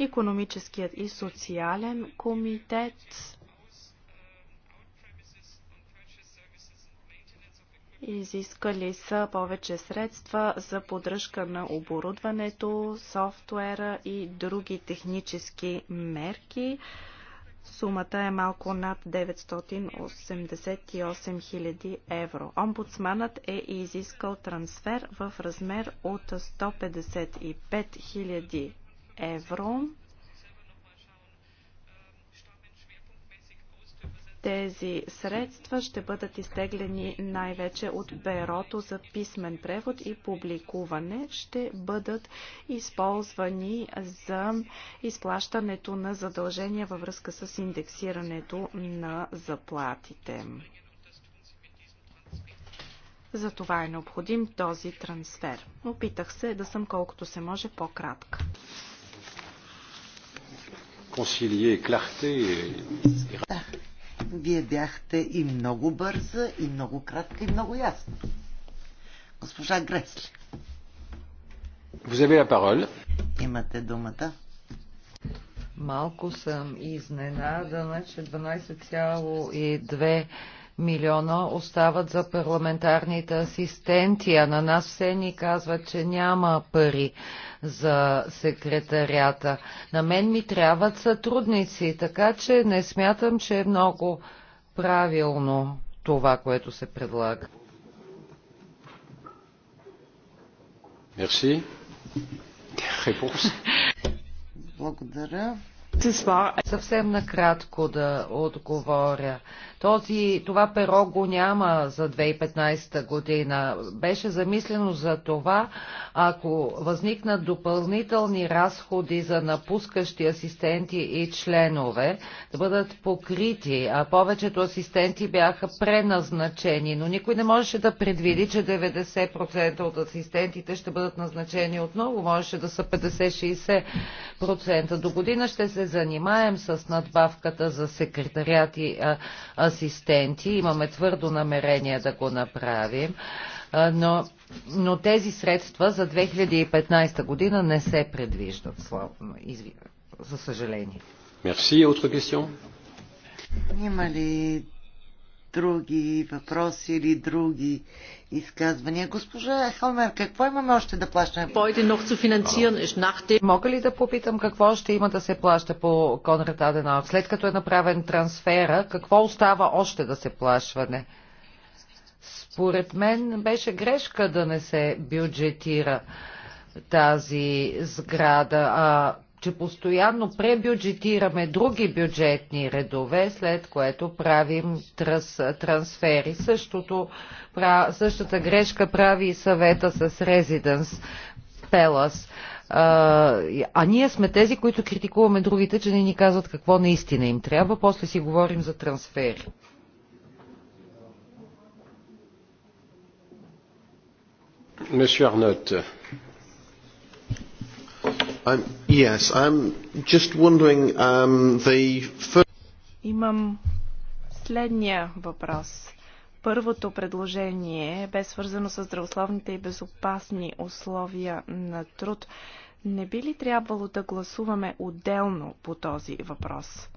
Економическият и социален комитет изискали са повече средства за поддръжка на оборудването, софтуера и други технически мерки. Сумата е малко над 988 000 евро. Омбудсманът е изискал трансфер в размер от 155 000 евро Тези средства ще бъдат изтеглени най-вече от бюрото за писмен превод и публикуване. Ще бъдат използвани за изплащането на задължения във връзка с индексирането на заплатите. За това е необходим този трансфер. Опитах се да съм колкото се може по-кратка. Да вие бяхте и много бърза, и много кратка, и много ясна. Госпожа Гресли. Имате думата. Малко съм изненадана, че 12,2 милиона остават за парламентарните асистенти, а на нас все ни казват, че няма пари за секретарята. На мен ми трябват сътрудници, така че не смятам, че е много правилно това, което се предлага. Мерси. Благодаря. Съвсем накратко да отговоря. Този, това перо го няма за 2015 година. Беше замислено за това, ако възникнат допълнителни разходи за напускащи асистенти и членове, да бъдат покрити, а повечето асистенти бяха преназначени, но никой не можеше да предвиди, че 90% от асистентите ще бъдат назначени отново. Можеше да са 50-60%. До година ще се се занимаем с надбавката за секретарят и асистенти. Имаме твърдо намерение да го направим, но, но тези средства за 2015 година не се предвиждат, славно, за съжаление. Мерси. Има ли други въпроси или други изказвания. Госпожа Хелмер, какво имаме още да плащаме? Е Мога ли да попитам какво ще има да се плаща по Конрад Аденауер? След като е направен трансфера, какво остава още да се плащане? Според мен беше грешка да не се бюджетира тази сграда. А, че постоянно пребюджетираме други бюджетни редове, след което правим транс, трансфери. Същото, пра, същата грешка прави и съвета с Residence Palace. А, а ние сме тези, които критикуваме другите, че не ни казват какво наистина им трябва. После си говорим за трансфери. Месье Арнот yes, I'm just wondering um, the first... Имам следния въпрос. Първото предложение бе свързано с здравословните и безопасни условия на труд. Не би ли трябвало да гласуваме отделно по този въпрос?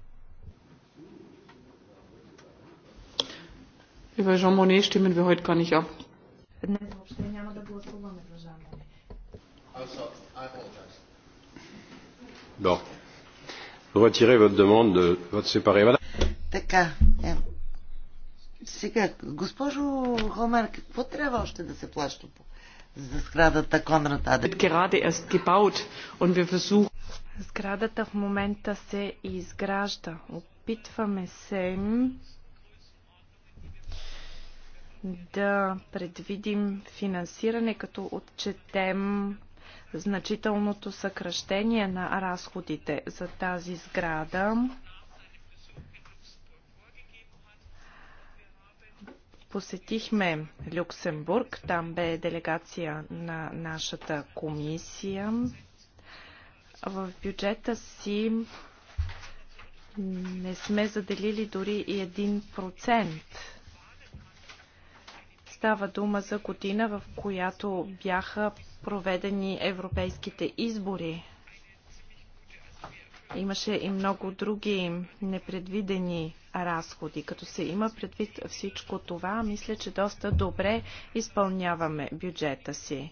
Über Jean Monnet stimmen wir heute gar nicht ab. Днес въобще няма да гласуваме за Bon. Retirez votre demande de vote séparé. Така. Е. Сега, госпожо Хомер, какво трябва още да се плаща по за сградата Конрад Сградата в момента се изгражда. Опитваме се да предвидим финансиране, като отчетем значителното съкръщение на разходите за тази сграда. Посетихме Люксембург, там бе делегация на нашата комисия. В бюджета си не сме заделили дори и 1%. Става дума за година, в която бяха проведени европейските избори. Имаше и много други непредвидени разходи. Като се има предвид всичко това, мисля, че доста добре изпълняваме бюджета си.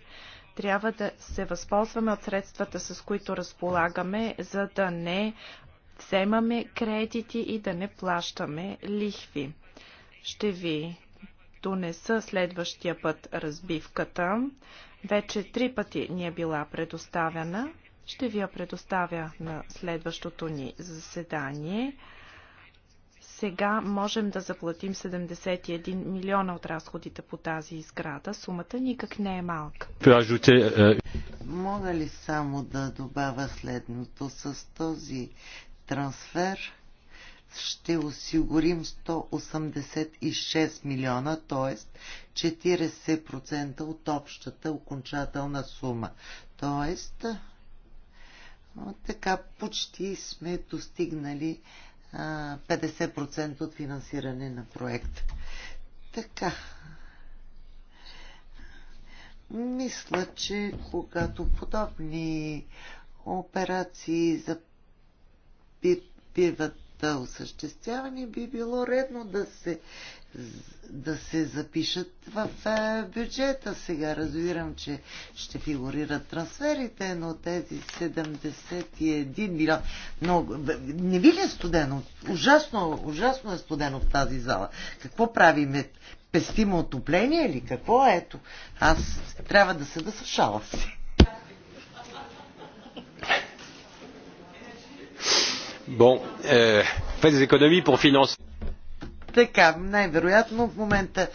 Трябва да се възползваме от средствата, с които разполагаме, за да не вземаме кредити и да не плащаме лихви. Ще ви донеса следващия път разбивката. Вече три пъти ни е била предоставена. Ще ви я предоставя на следващото ни заседание. Сега можем да заплатим 71 милиона от разходите по тази изграда. Сумата никак не е малка. Е, Мога ли само да добавя следното? С този трансфер ще осигурим 186 милиона, т.е. 40% от общата окончателна сума. Т.е. така почти сме достигнали 50% от финансиране на проект. Така. Мисля, че когато подобни операции за биват осъществяване би било редно да се, да се запишат в е, бюджета. Сега разбирам, че ще фигурират трансферите, но тези 71 милиона... Но не ви ли е студено? Ужасно, ужасно е студено в тази зала. Какво правим? Пестимо отопление или какво? Е ето, аз трябва да се да съвшала си. Bon, euh, faites des économies pour financer. Така, най-вероятно в момента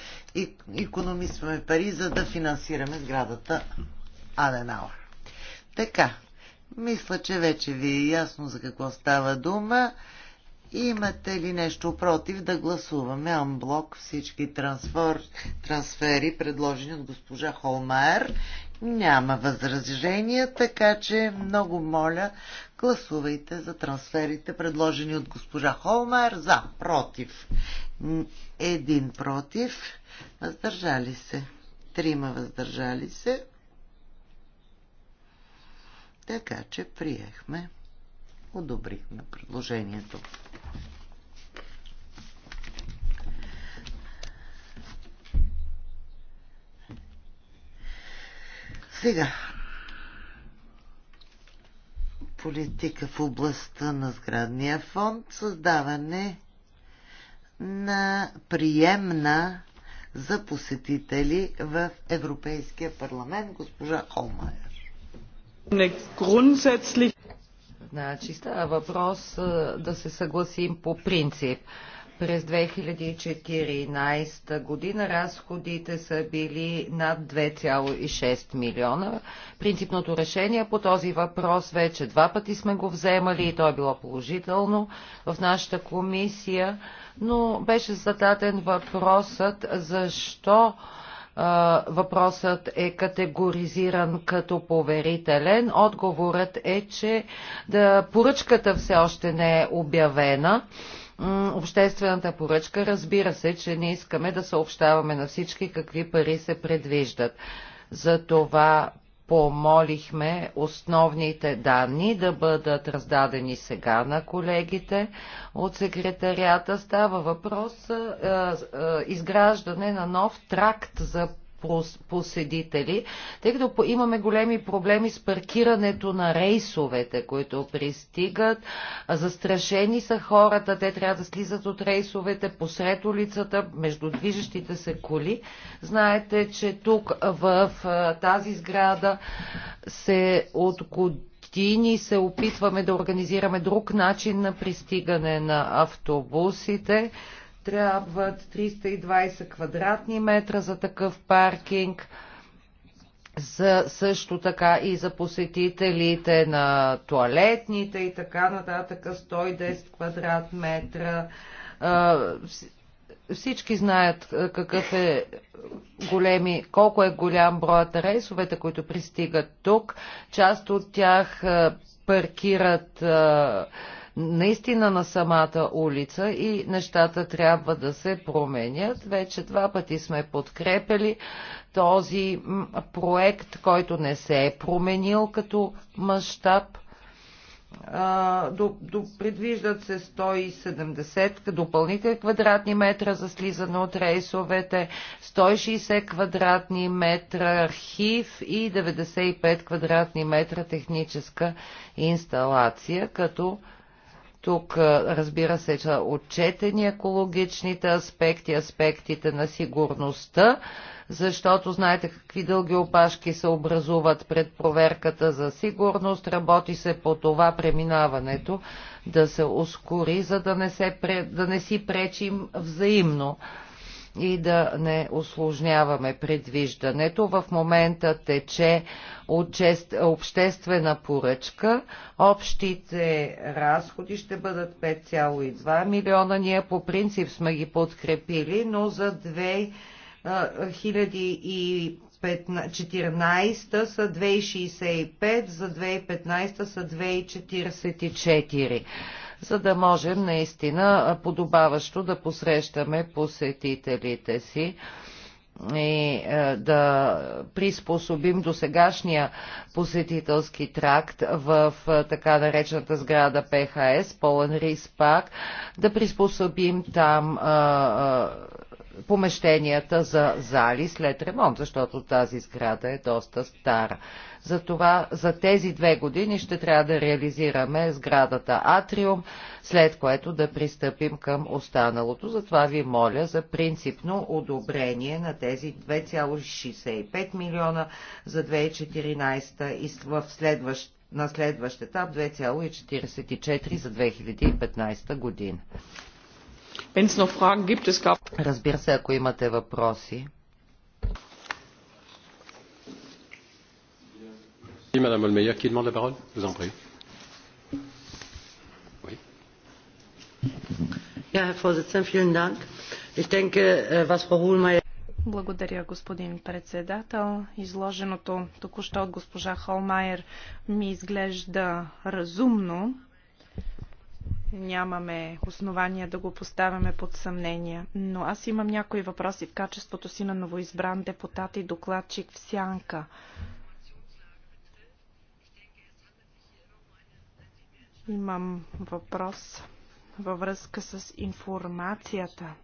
економисваме пари, за да финансираме сградата Аденауър. Така, мисля, че вече ви е ясно за какво става дума. Имате ли нещо против да гласуваме анблок всички трансфер, трансфери, предложени от госпожа Холмайер няма възражения, така че много моля, гласувайте за трансферите, предложени от госпожа Холмар. За, против. Един против. Въздържали се. Трима въздържали се. Така че приехме, одобрихме предложението. Сега. Политика в областта на сградния фонд. Създаване на приемна за посетители в Европейския парламент, госпожа Холмайер. Значи става въпрос да се съгласим по принцип. През 2014 година разходите са били над 2,6 милиона. Принципното решение по този въпрос вече два пъти сме го вземали и то е било положително в нашата комисия, но беше зададен въпросът защо въпросът е категоризиран като поверителен. Отговорът е, че да, поръчката все още не е обявена обществената поръчка. Разбира се, че не искаме да съобщаваме на всички какви пари се предвиждат. За това помолихме основните данни да бъдат раздадени сега на колегите от секретарията. Става въпрос за е, е, изграждане на нов тракт за посетители, тъй като имаме големи проблеми с паркирането на рейсовете, които пристигат. Застрашени са хората, те трябва да слизат от рейсовете посред улицата, между движещите се коли. Знаете, че тук в тази сграда се от години се опитваме да организираме друг начин на пристигане на автобусите трябват 320 квадратни метра за такъв паркинг. За, също така и за посетителите на туалетните и така нататък 110 квадрат метра. Всички знаят какъв е големи, колко е голям броят на рейсовете, които пристигат тук. Част от тях паркират наистина на самата улица и нещата трябва да се променят. Вече два пъти сме подкрепили този проект, който не се е променил като мащаб. До, до, предвиждат се 170 допълнителни квадратни метра за слизане от рейсовете, 160 квадратни метра архив и 95 квадратни метра техническа инсталация, като тук разбира се, че отчетени екологичните аспекти, аспектите на сигурността, защото знаете какви дълги опашки се образуват пред проверката за сигурност. Работи се по това преминаването да се ускори, за да не, се, да не си пречим взаимно и да не осложняваме предвиждането. В момента тече обществена поръчка. Общите разходи ще бъдат 5,2 милиона. Ние по принцип сме ги подкрепили, но за 2000 2014 са 2,65, за 2015 са 2,44 за да можем наистина подобаващо да посрещаме посетителите си и е, да приспособим до сегашния посетителски тракт в е, така наречената сграда ПХС, Полен Рис Пак, да приспособим там е, помещенията за зали след ремонт, защото тази сграда е доста стара. Затова за тези две години ще трябва да реализираме сградата Атриум, след което да пристъпим към останалото. Затова ви моля за принципно одобрение на тези 2,65 милиона за 2014 и в следващ, на следващ етап 2,44 за 2015 година. Разбира се, ако имате въпроси. Äh, благодаря, господин председател. Изложеното току-що от госпожа Холмайер ми изглежда разумно нямаме основания да го поставяме под съмнение. Но аз имам някои въпроси в качеството си на новоизбран депутат и докладчик в Сянка. Имам въпрос във връзка с информацията –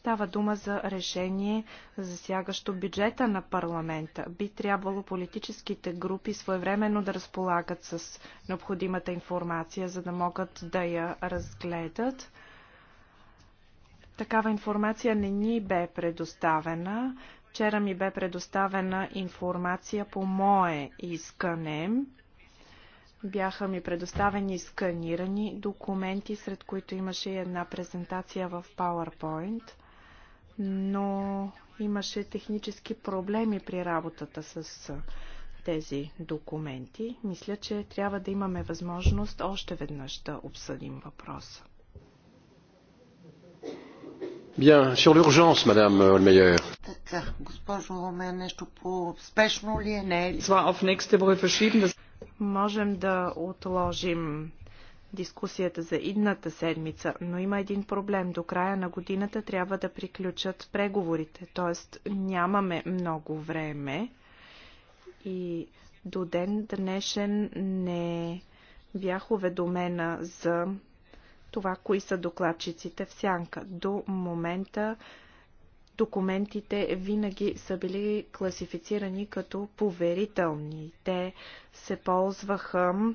Става дума за решение, засягащо бюджета на парламента. Би трябвало политическите групи своевременно да разполагат с необходимата информация, за да могат да я разгледат. Такава информация не ни бе предоставена. Вчера ми бе предоставена информация по мое искане. Бяха ми предоставени сканирани документи, сред които имаше и една презентация в PowerPoint но имаше технически проблеми при работата с тези документи. Мисля, че трябва да имаме възможност още веднъж да обсъдим въпроса. Bien, sur l'urgence, madame Olmeyer. Така, госпожо Омер, нещо по-спешно ли е? Не е ли? Можем да отложим дискусията за идната седмица, но има един проблем. До края на годината трябва да приключат преговорите, т.е. нямаме много време и до ден днешен не бях уведомена за това, кои са докладчиците в сянка. До момента документите винаги са били класифицирани като поверителни. Те се ползваха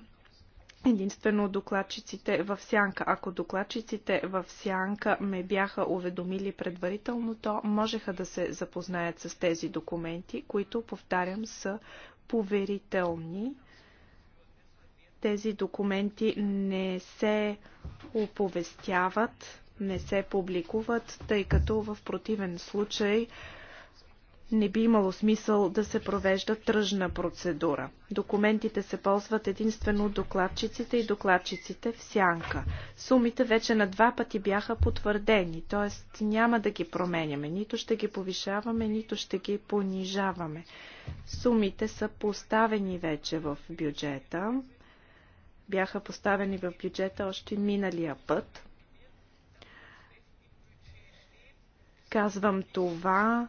единствено докладчиците в сянка. Ако докладчиците в сянка ме бяха уведомили предварително, то можеха да се запознаят с тези документи, които, повтарям, са поверителни. Тези документи не се оповестяват, не се публикуват, тъй като в противен случай не би имало смисъл да се провежда тръжна процедура. Документите се ползват единствено от докладчиците и докладчиците в сянка. Сумите вече на два пъти бяха потвърдени, т.е. няма да ги променяме, нито ще ги повишаваме, нито ще ги понижаваме. Сумите са поставени вече в бюджета. Бяха поставени в бюджета още миналия път. Казвам това,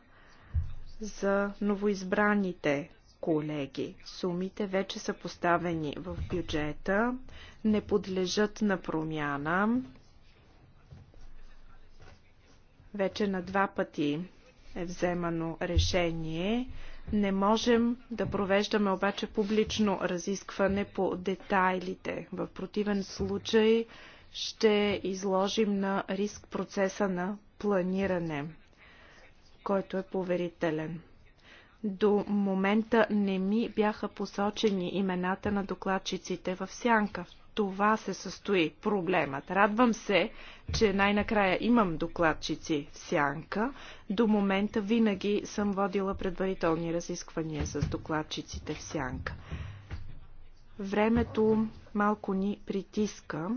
за новоизбраните колеги. Сумите вече са поставени в бюджета, не подлежат на промяна. Вече на два пъти е вземано решение. Не можем да провеждаме обаче публично разискване по детайлите. В противен случай ще изложим на риск процеса на планиране който е поверителен. До момента не ми бяха посочени имената на докладчиците в сянка. Това се състои проблемът. Радвам се, че най-накрая имам докладчици в сянка. До момента винаги съм водила предварителни разисквания с докладчиците в сянка. Времето малко ни притиска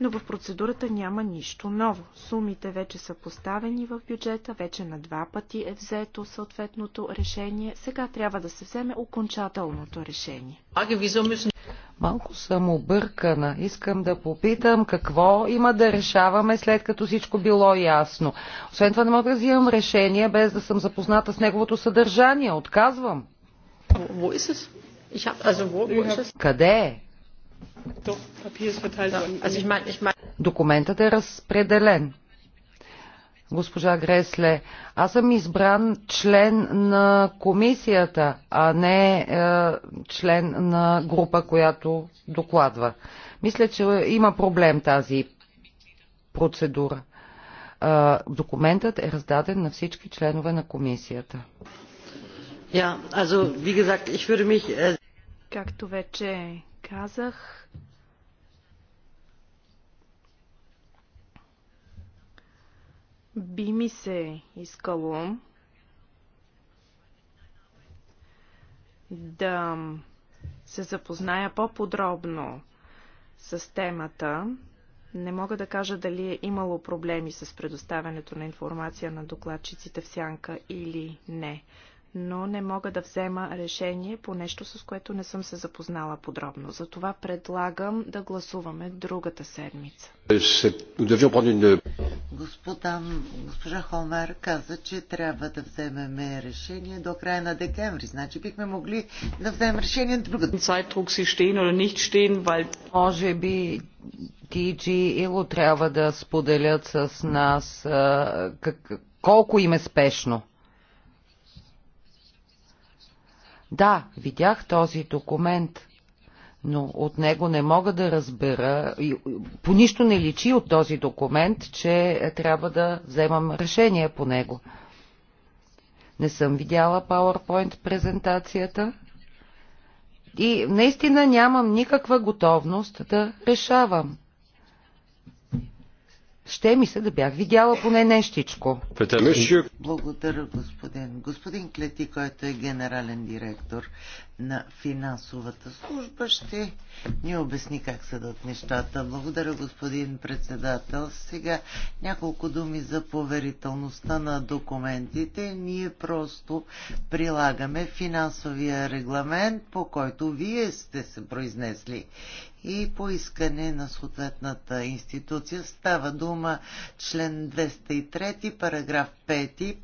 но в процедурата няма нищо ново. Сумите вече са поставени в бюджета, вече на два пъти е взето съответното решение. Сега трябва да се вземе окончателното решение. Малко съм объркана. Искам да попитам какво има да решаваме след като всичко било ясно. Освен това не мога да взимам решение без да съм запозната с неговото съдържание. Отказвам. Къде е? Документът е разпределен. Госпожа Гресле, аз съм избран член на комисията, а не е, член на група, която докладва. Мисля, че има проблем тази процедура. Е, документът е раздаден на всички членове на комисията. Äh, Както вече казах, би ми се искало да се запозная по-подробно с темата. Не мога да кажа дали е имало проблеми с предоставянето на информация на докладчиците в сянка или не но не мога да взема решение по нещо, с което не съм се запознала подробно. Затова предлагам да гласуваме другата седмица. Е, Господа, госпожа Холмар каза, че трябва да вземем решение до края на декември. Значи бихме могли да вземем решение другата. Може би TG Ило трябва да споделят с нас как, колко им е спешно. Да, видях този документ, но от него не мога да разбера, по нищо не личи от този документ, че трябва да вземам решение по него. Не съм видяла PowerPoint презентацията и наистина нямам никаква готовност да решавам. Ще ми се да бях видяла поне нещичко. Благодаря, господин. Господин Клети, който е генерален директор на финансовата служба ще ни обясни как съдат нещата. Благодаря, господин председател. Сега няколко думи за поверителността на документите. Ние просто прилагаме финансовия регламент, по който вие сте се произнесли. И по искане на съответната институция става дума член 203, параграф 5.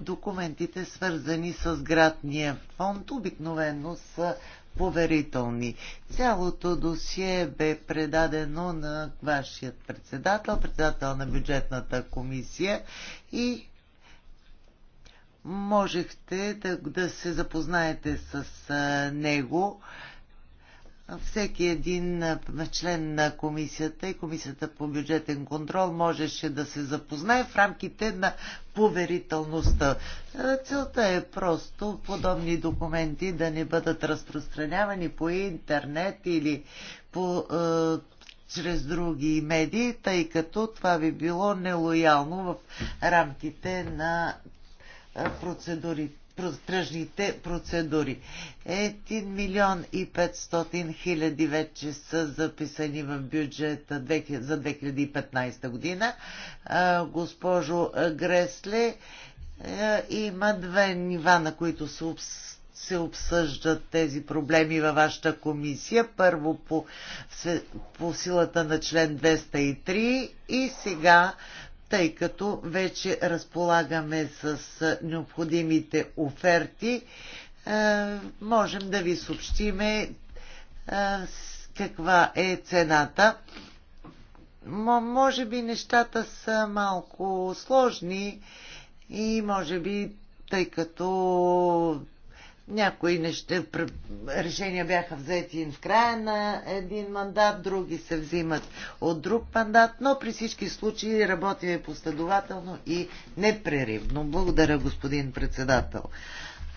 Документите свързани с градния фонд обикновено обикновено са поверителни. Цялото досие бе предадено на вашият председател, председател на бюджетната комисия и можехте да, да се запознаете с него всеки един член на комисията и комисията по бюджетен контрол можеше да се запознае в рамките на поверителността. Е, целта е просто подобни документи да не бъдат разпространявани по интернет или по, е, чрез други медии, тъй като това би било нелоялно в рамките на е, процедурите тръжните процедури. Един милион и 500 хиляди вече са записани в бюджета за 2015 година. Госпожо Гресле, има две нива, на които се се обсъждат тези проблеми във вашата комисия. Първо по, по силата на член 203 и сега тъй като вече разполагаме с необходимите оферти, можем да ви съобщиме каква е цената. Може би нещата са малко сложни и може би тъй като някои неща, решения бяха взети в края на един мандат, други се взимат от друг мандат, но при всички случаи работиме последователно и непреривно. Благодаря, господин председател.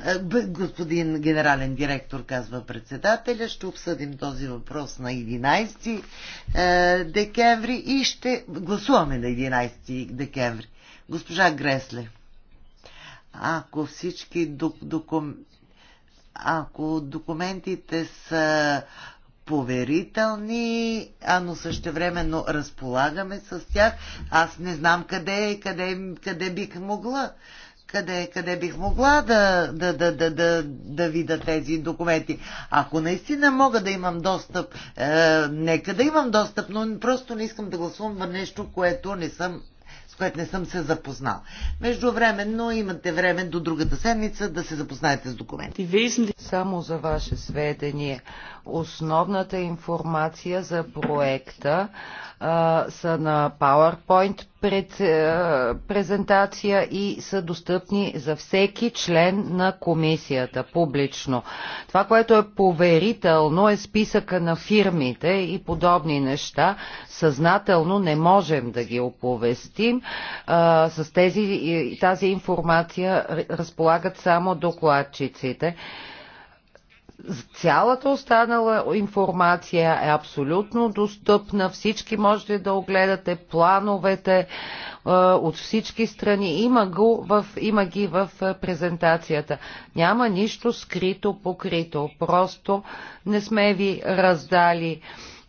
Е, господин генерален директор, казва председателя, ще обсъдим този въпрос на 11 е, декември и ще гласуваме на 11 декември. Госпожа Гресле, ако всички документи ако документите са поверителни, а но същевременно разполагаме с тях, аз не знам къде къде, къде бих могла. Къде, къде бих могла да, да, да, да, да, да видя тези документи? Ако наистина мога да имам достъп, е, нека да имам достъп, но просто не искам да гласувам в нещо, което не съм което не съм се запознал. Междувременно имате време до другата седмица да се запознаете с документи. Само за ваше сведение, основната информация за проекта а, са на PowerPoint пред, е, презентация и са достъпни за всеки член на комисията публично. Това, което е поверително е списъка на фирмите и подобни неща. Съзнателно не можем да ги оповестим. Е, с тези, тази информация разполагат само докладчиците. Цялата останала информация е абсолютно достъпна. Всички можете да огледате плановете е, от всички страни. Има, го в, има ги в е, презентацията. Няма нищо скрито, покрито. Просто не сме ви раздали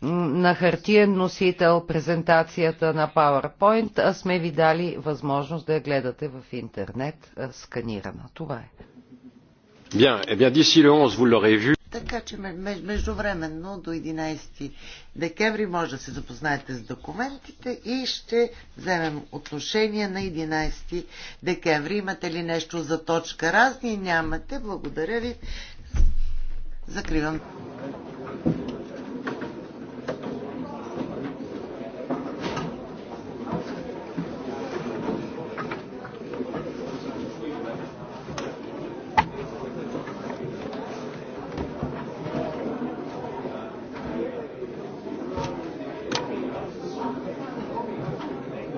на хартиен носител презентацията на PowerPoint, а сме ви дали възможност да я гледате в интернет е, сканирана. Това е. Bien, eh bien d'ici le 11, vous l'aurez vu. Така че междувременно до 11 декември може да се запознаете с документите и ще вземем отношение на 11 декември. Имате ли нещо за точка разни? Нямате. Благодаря ви. Закривам.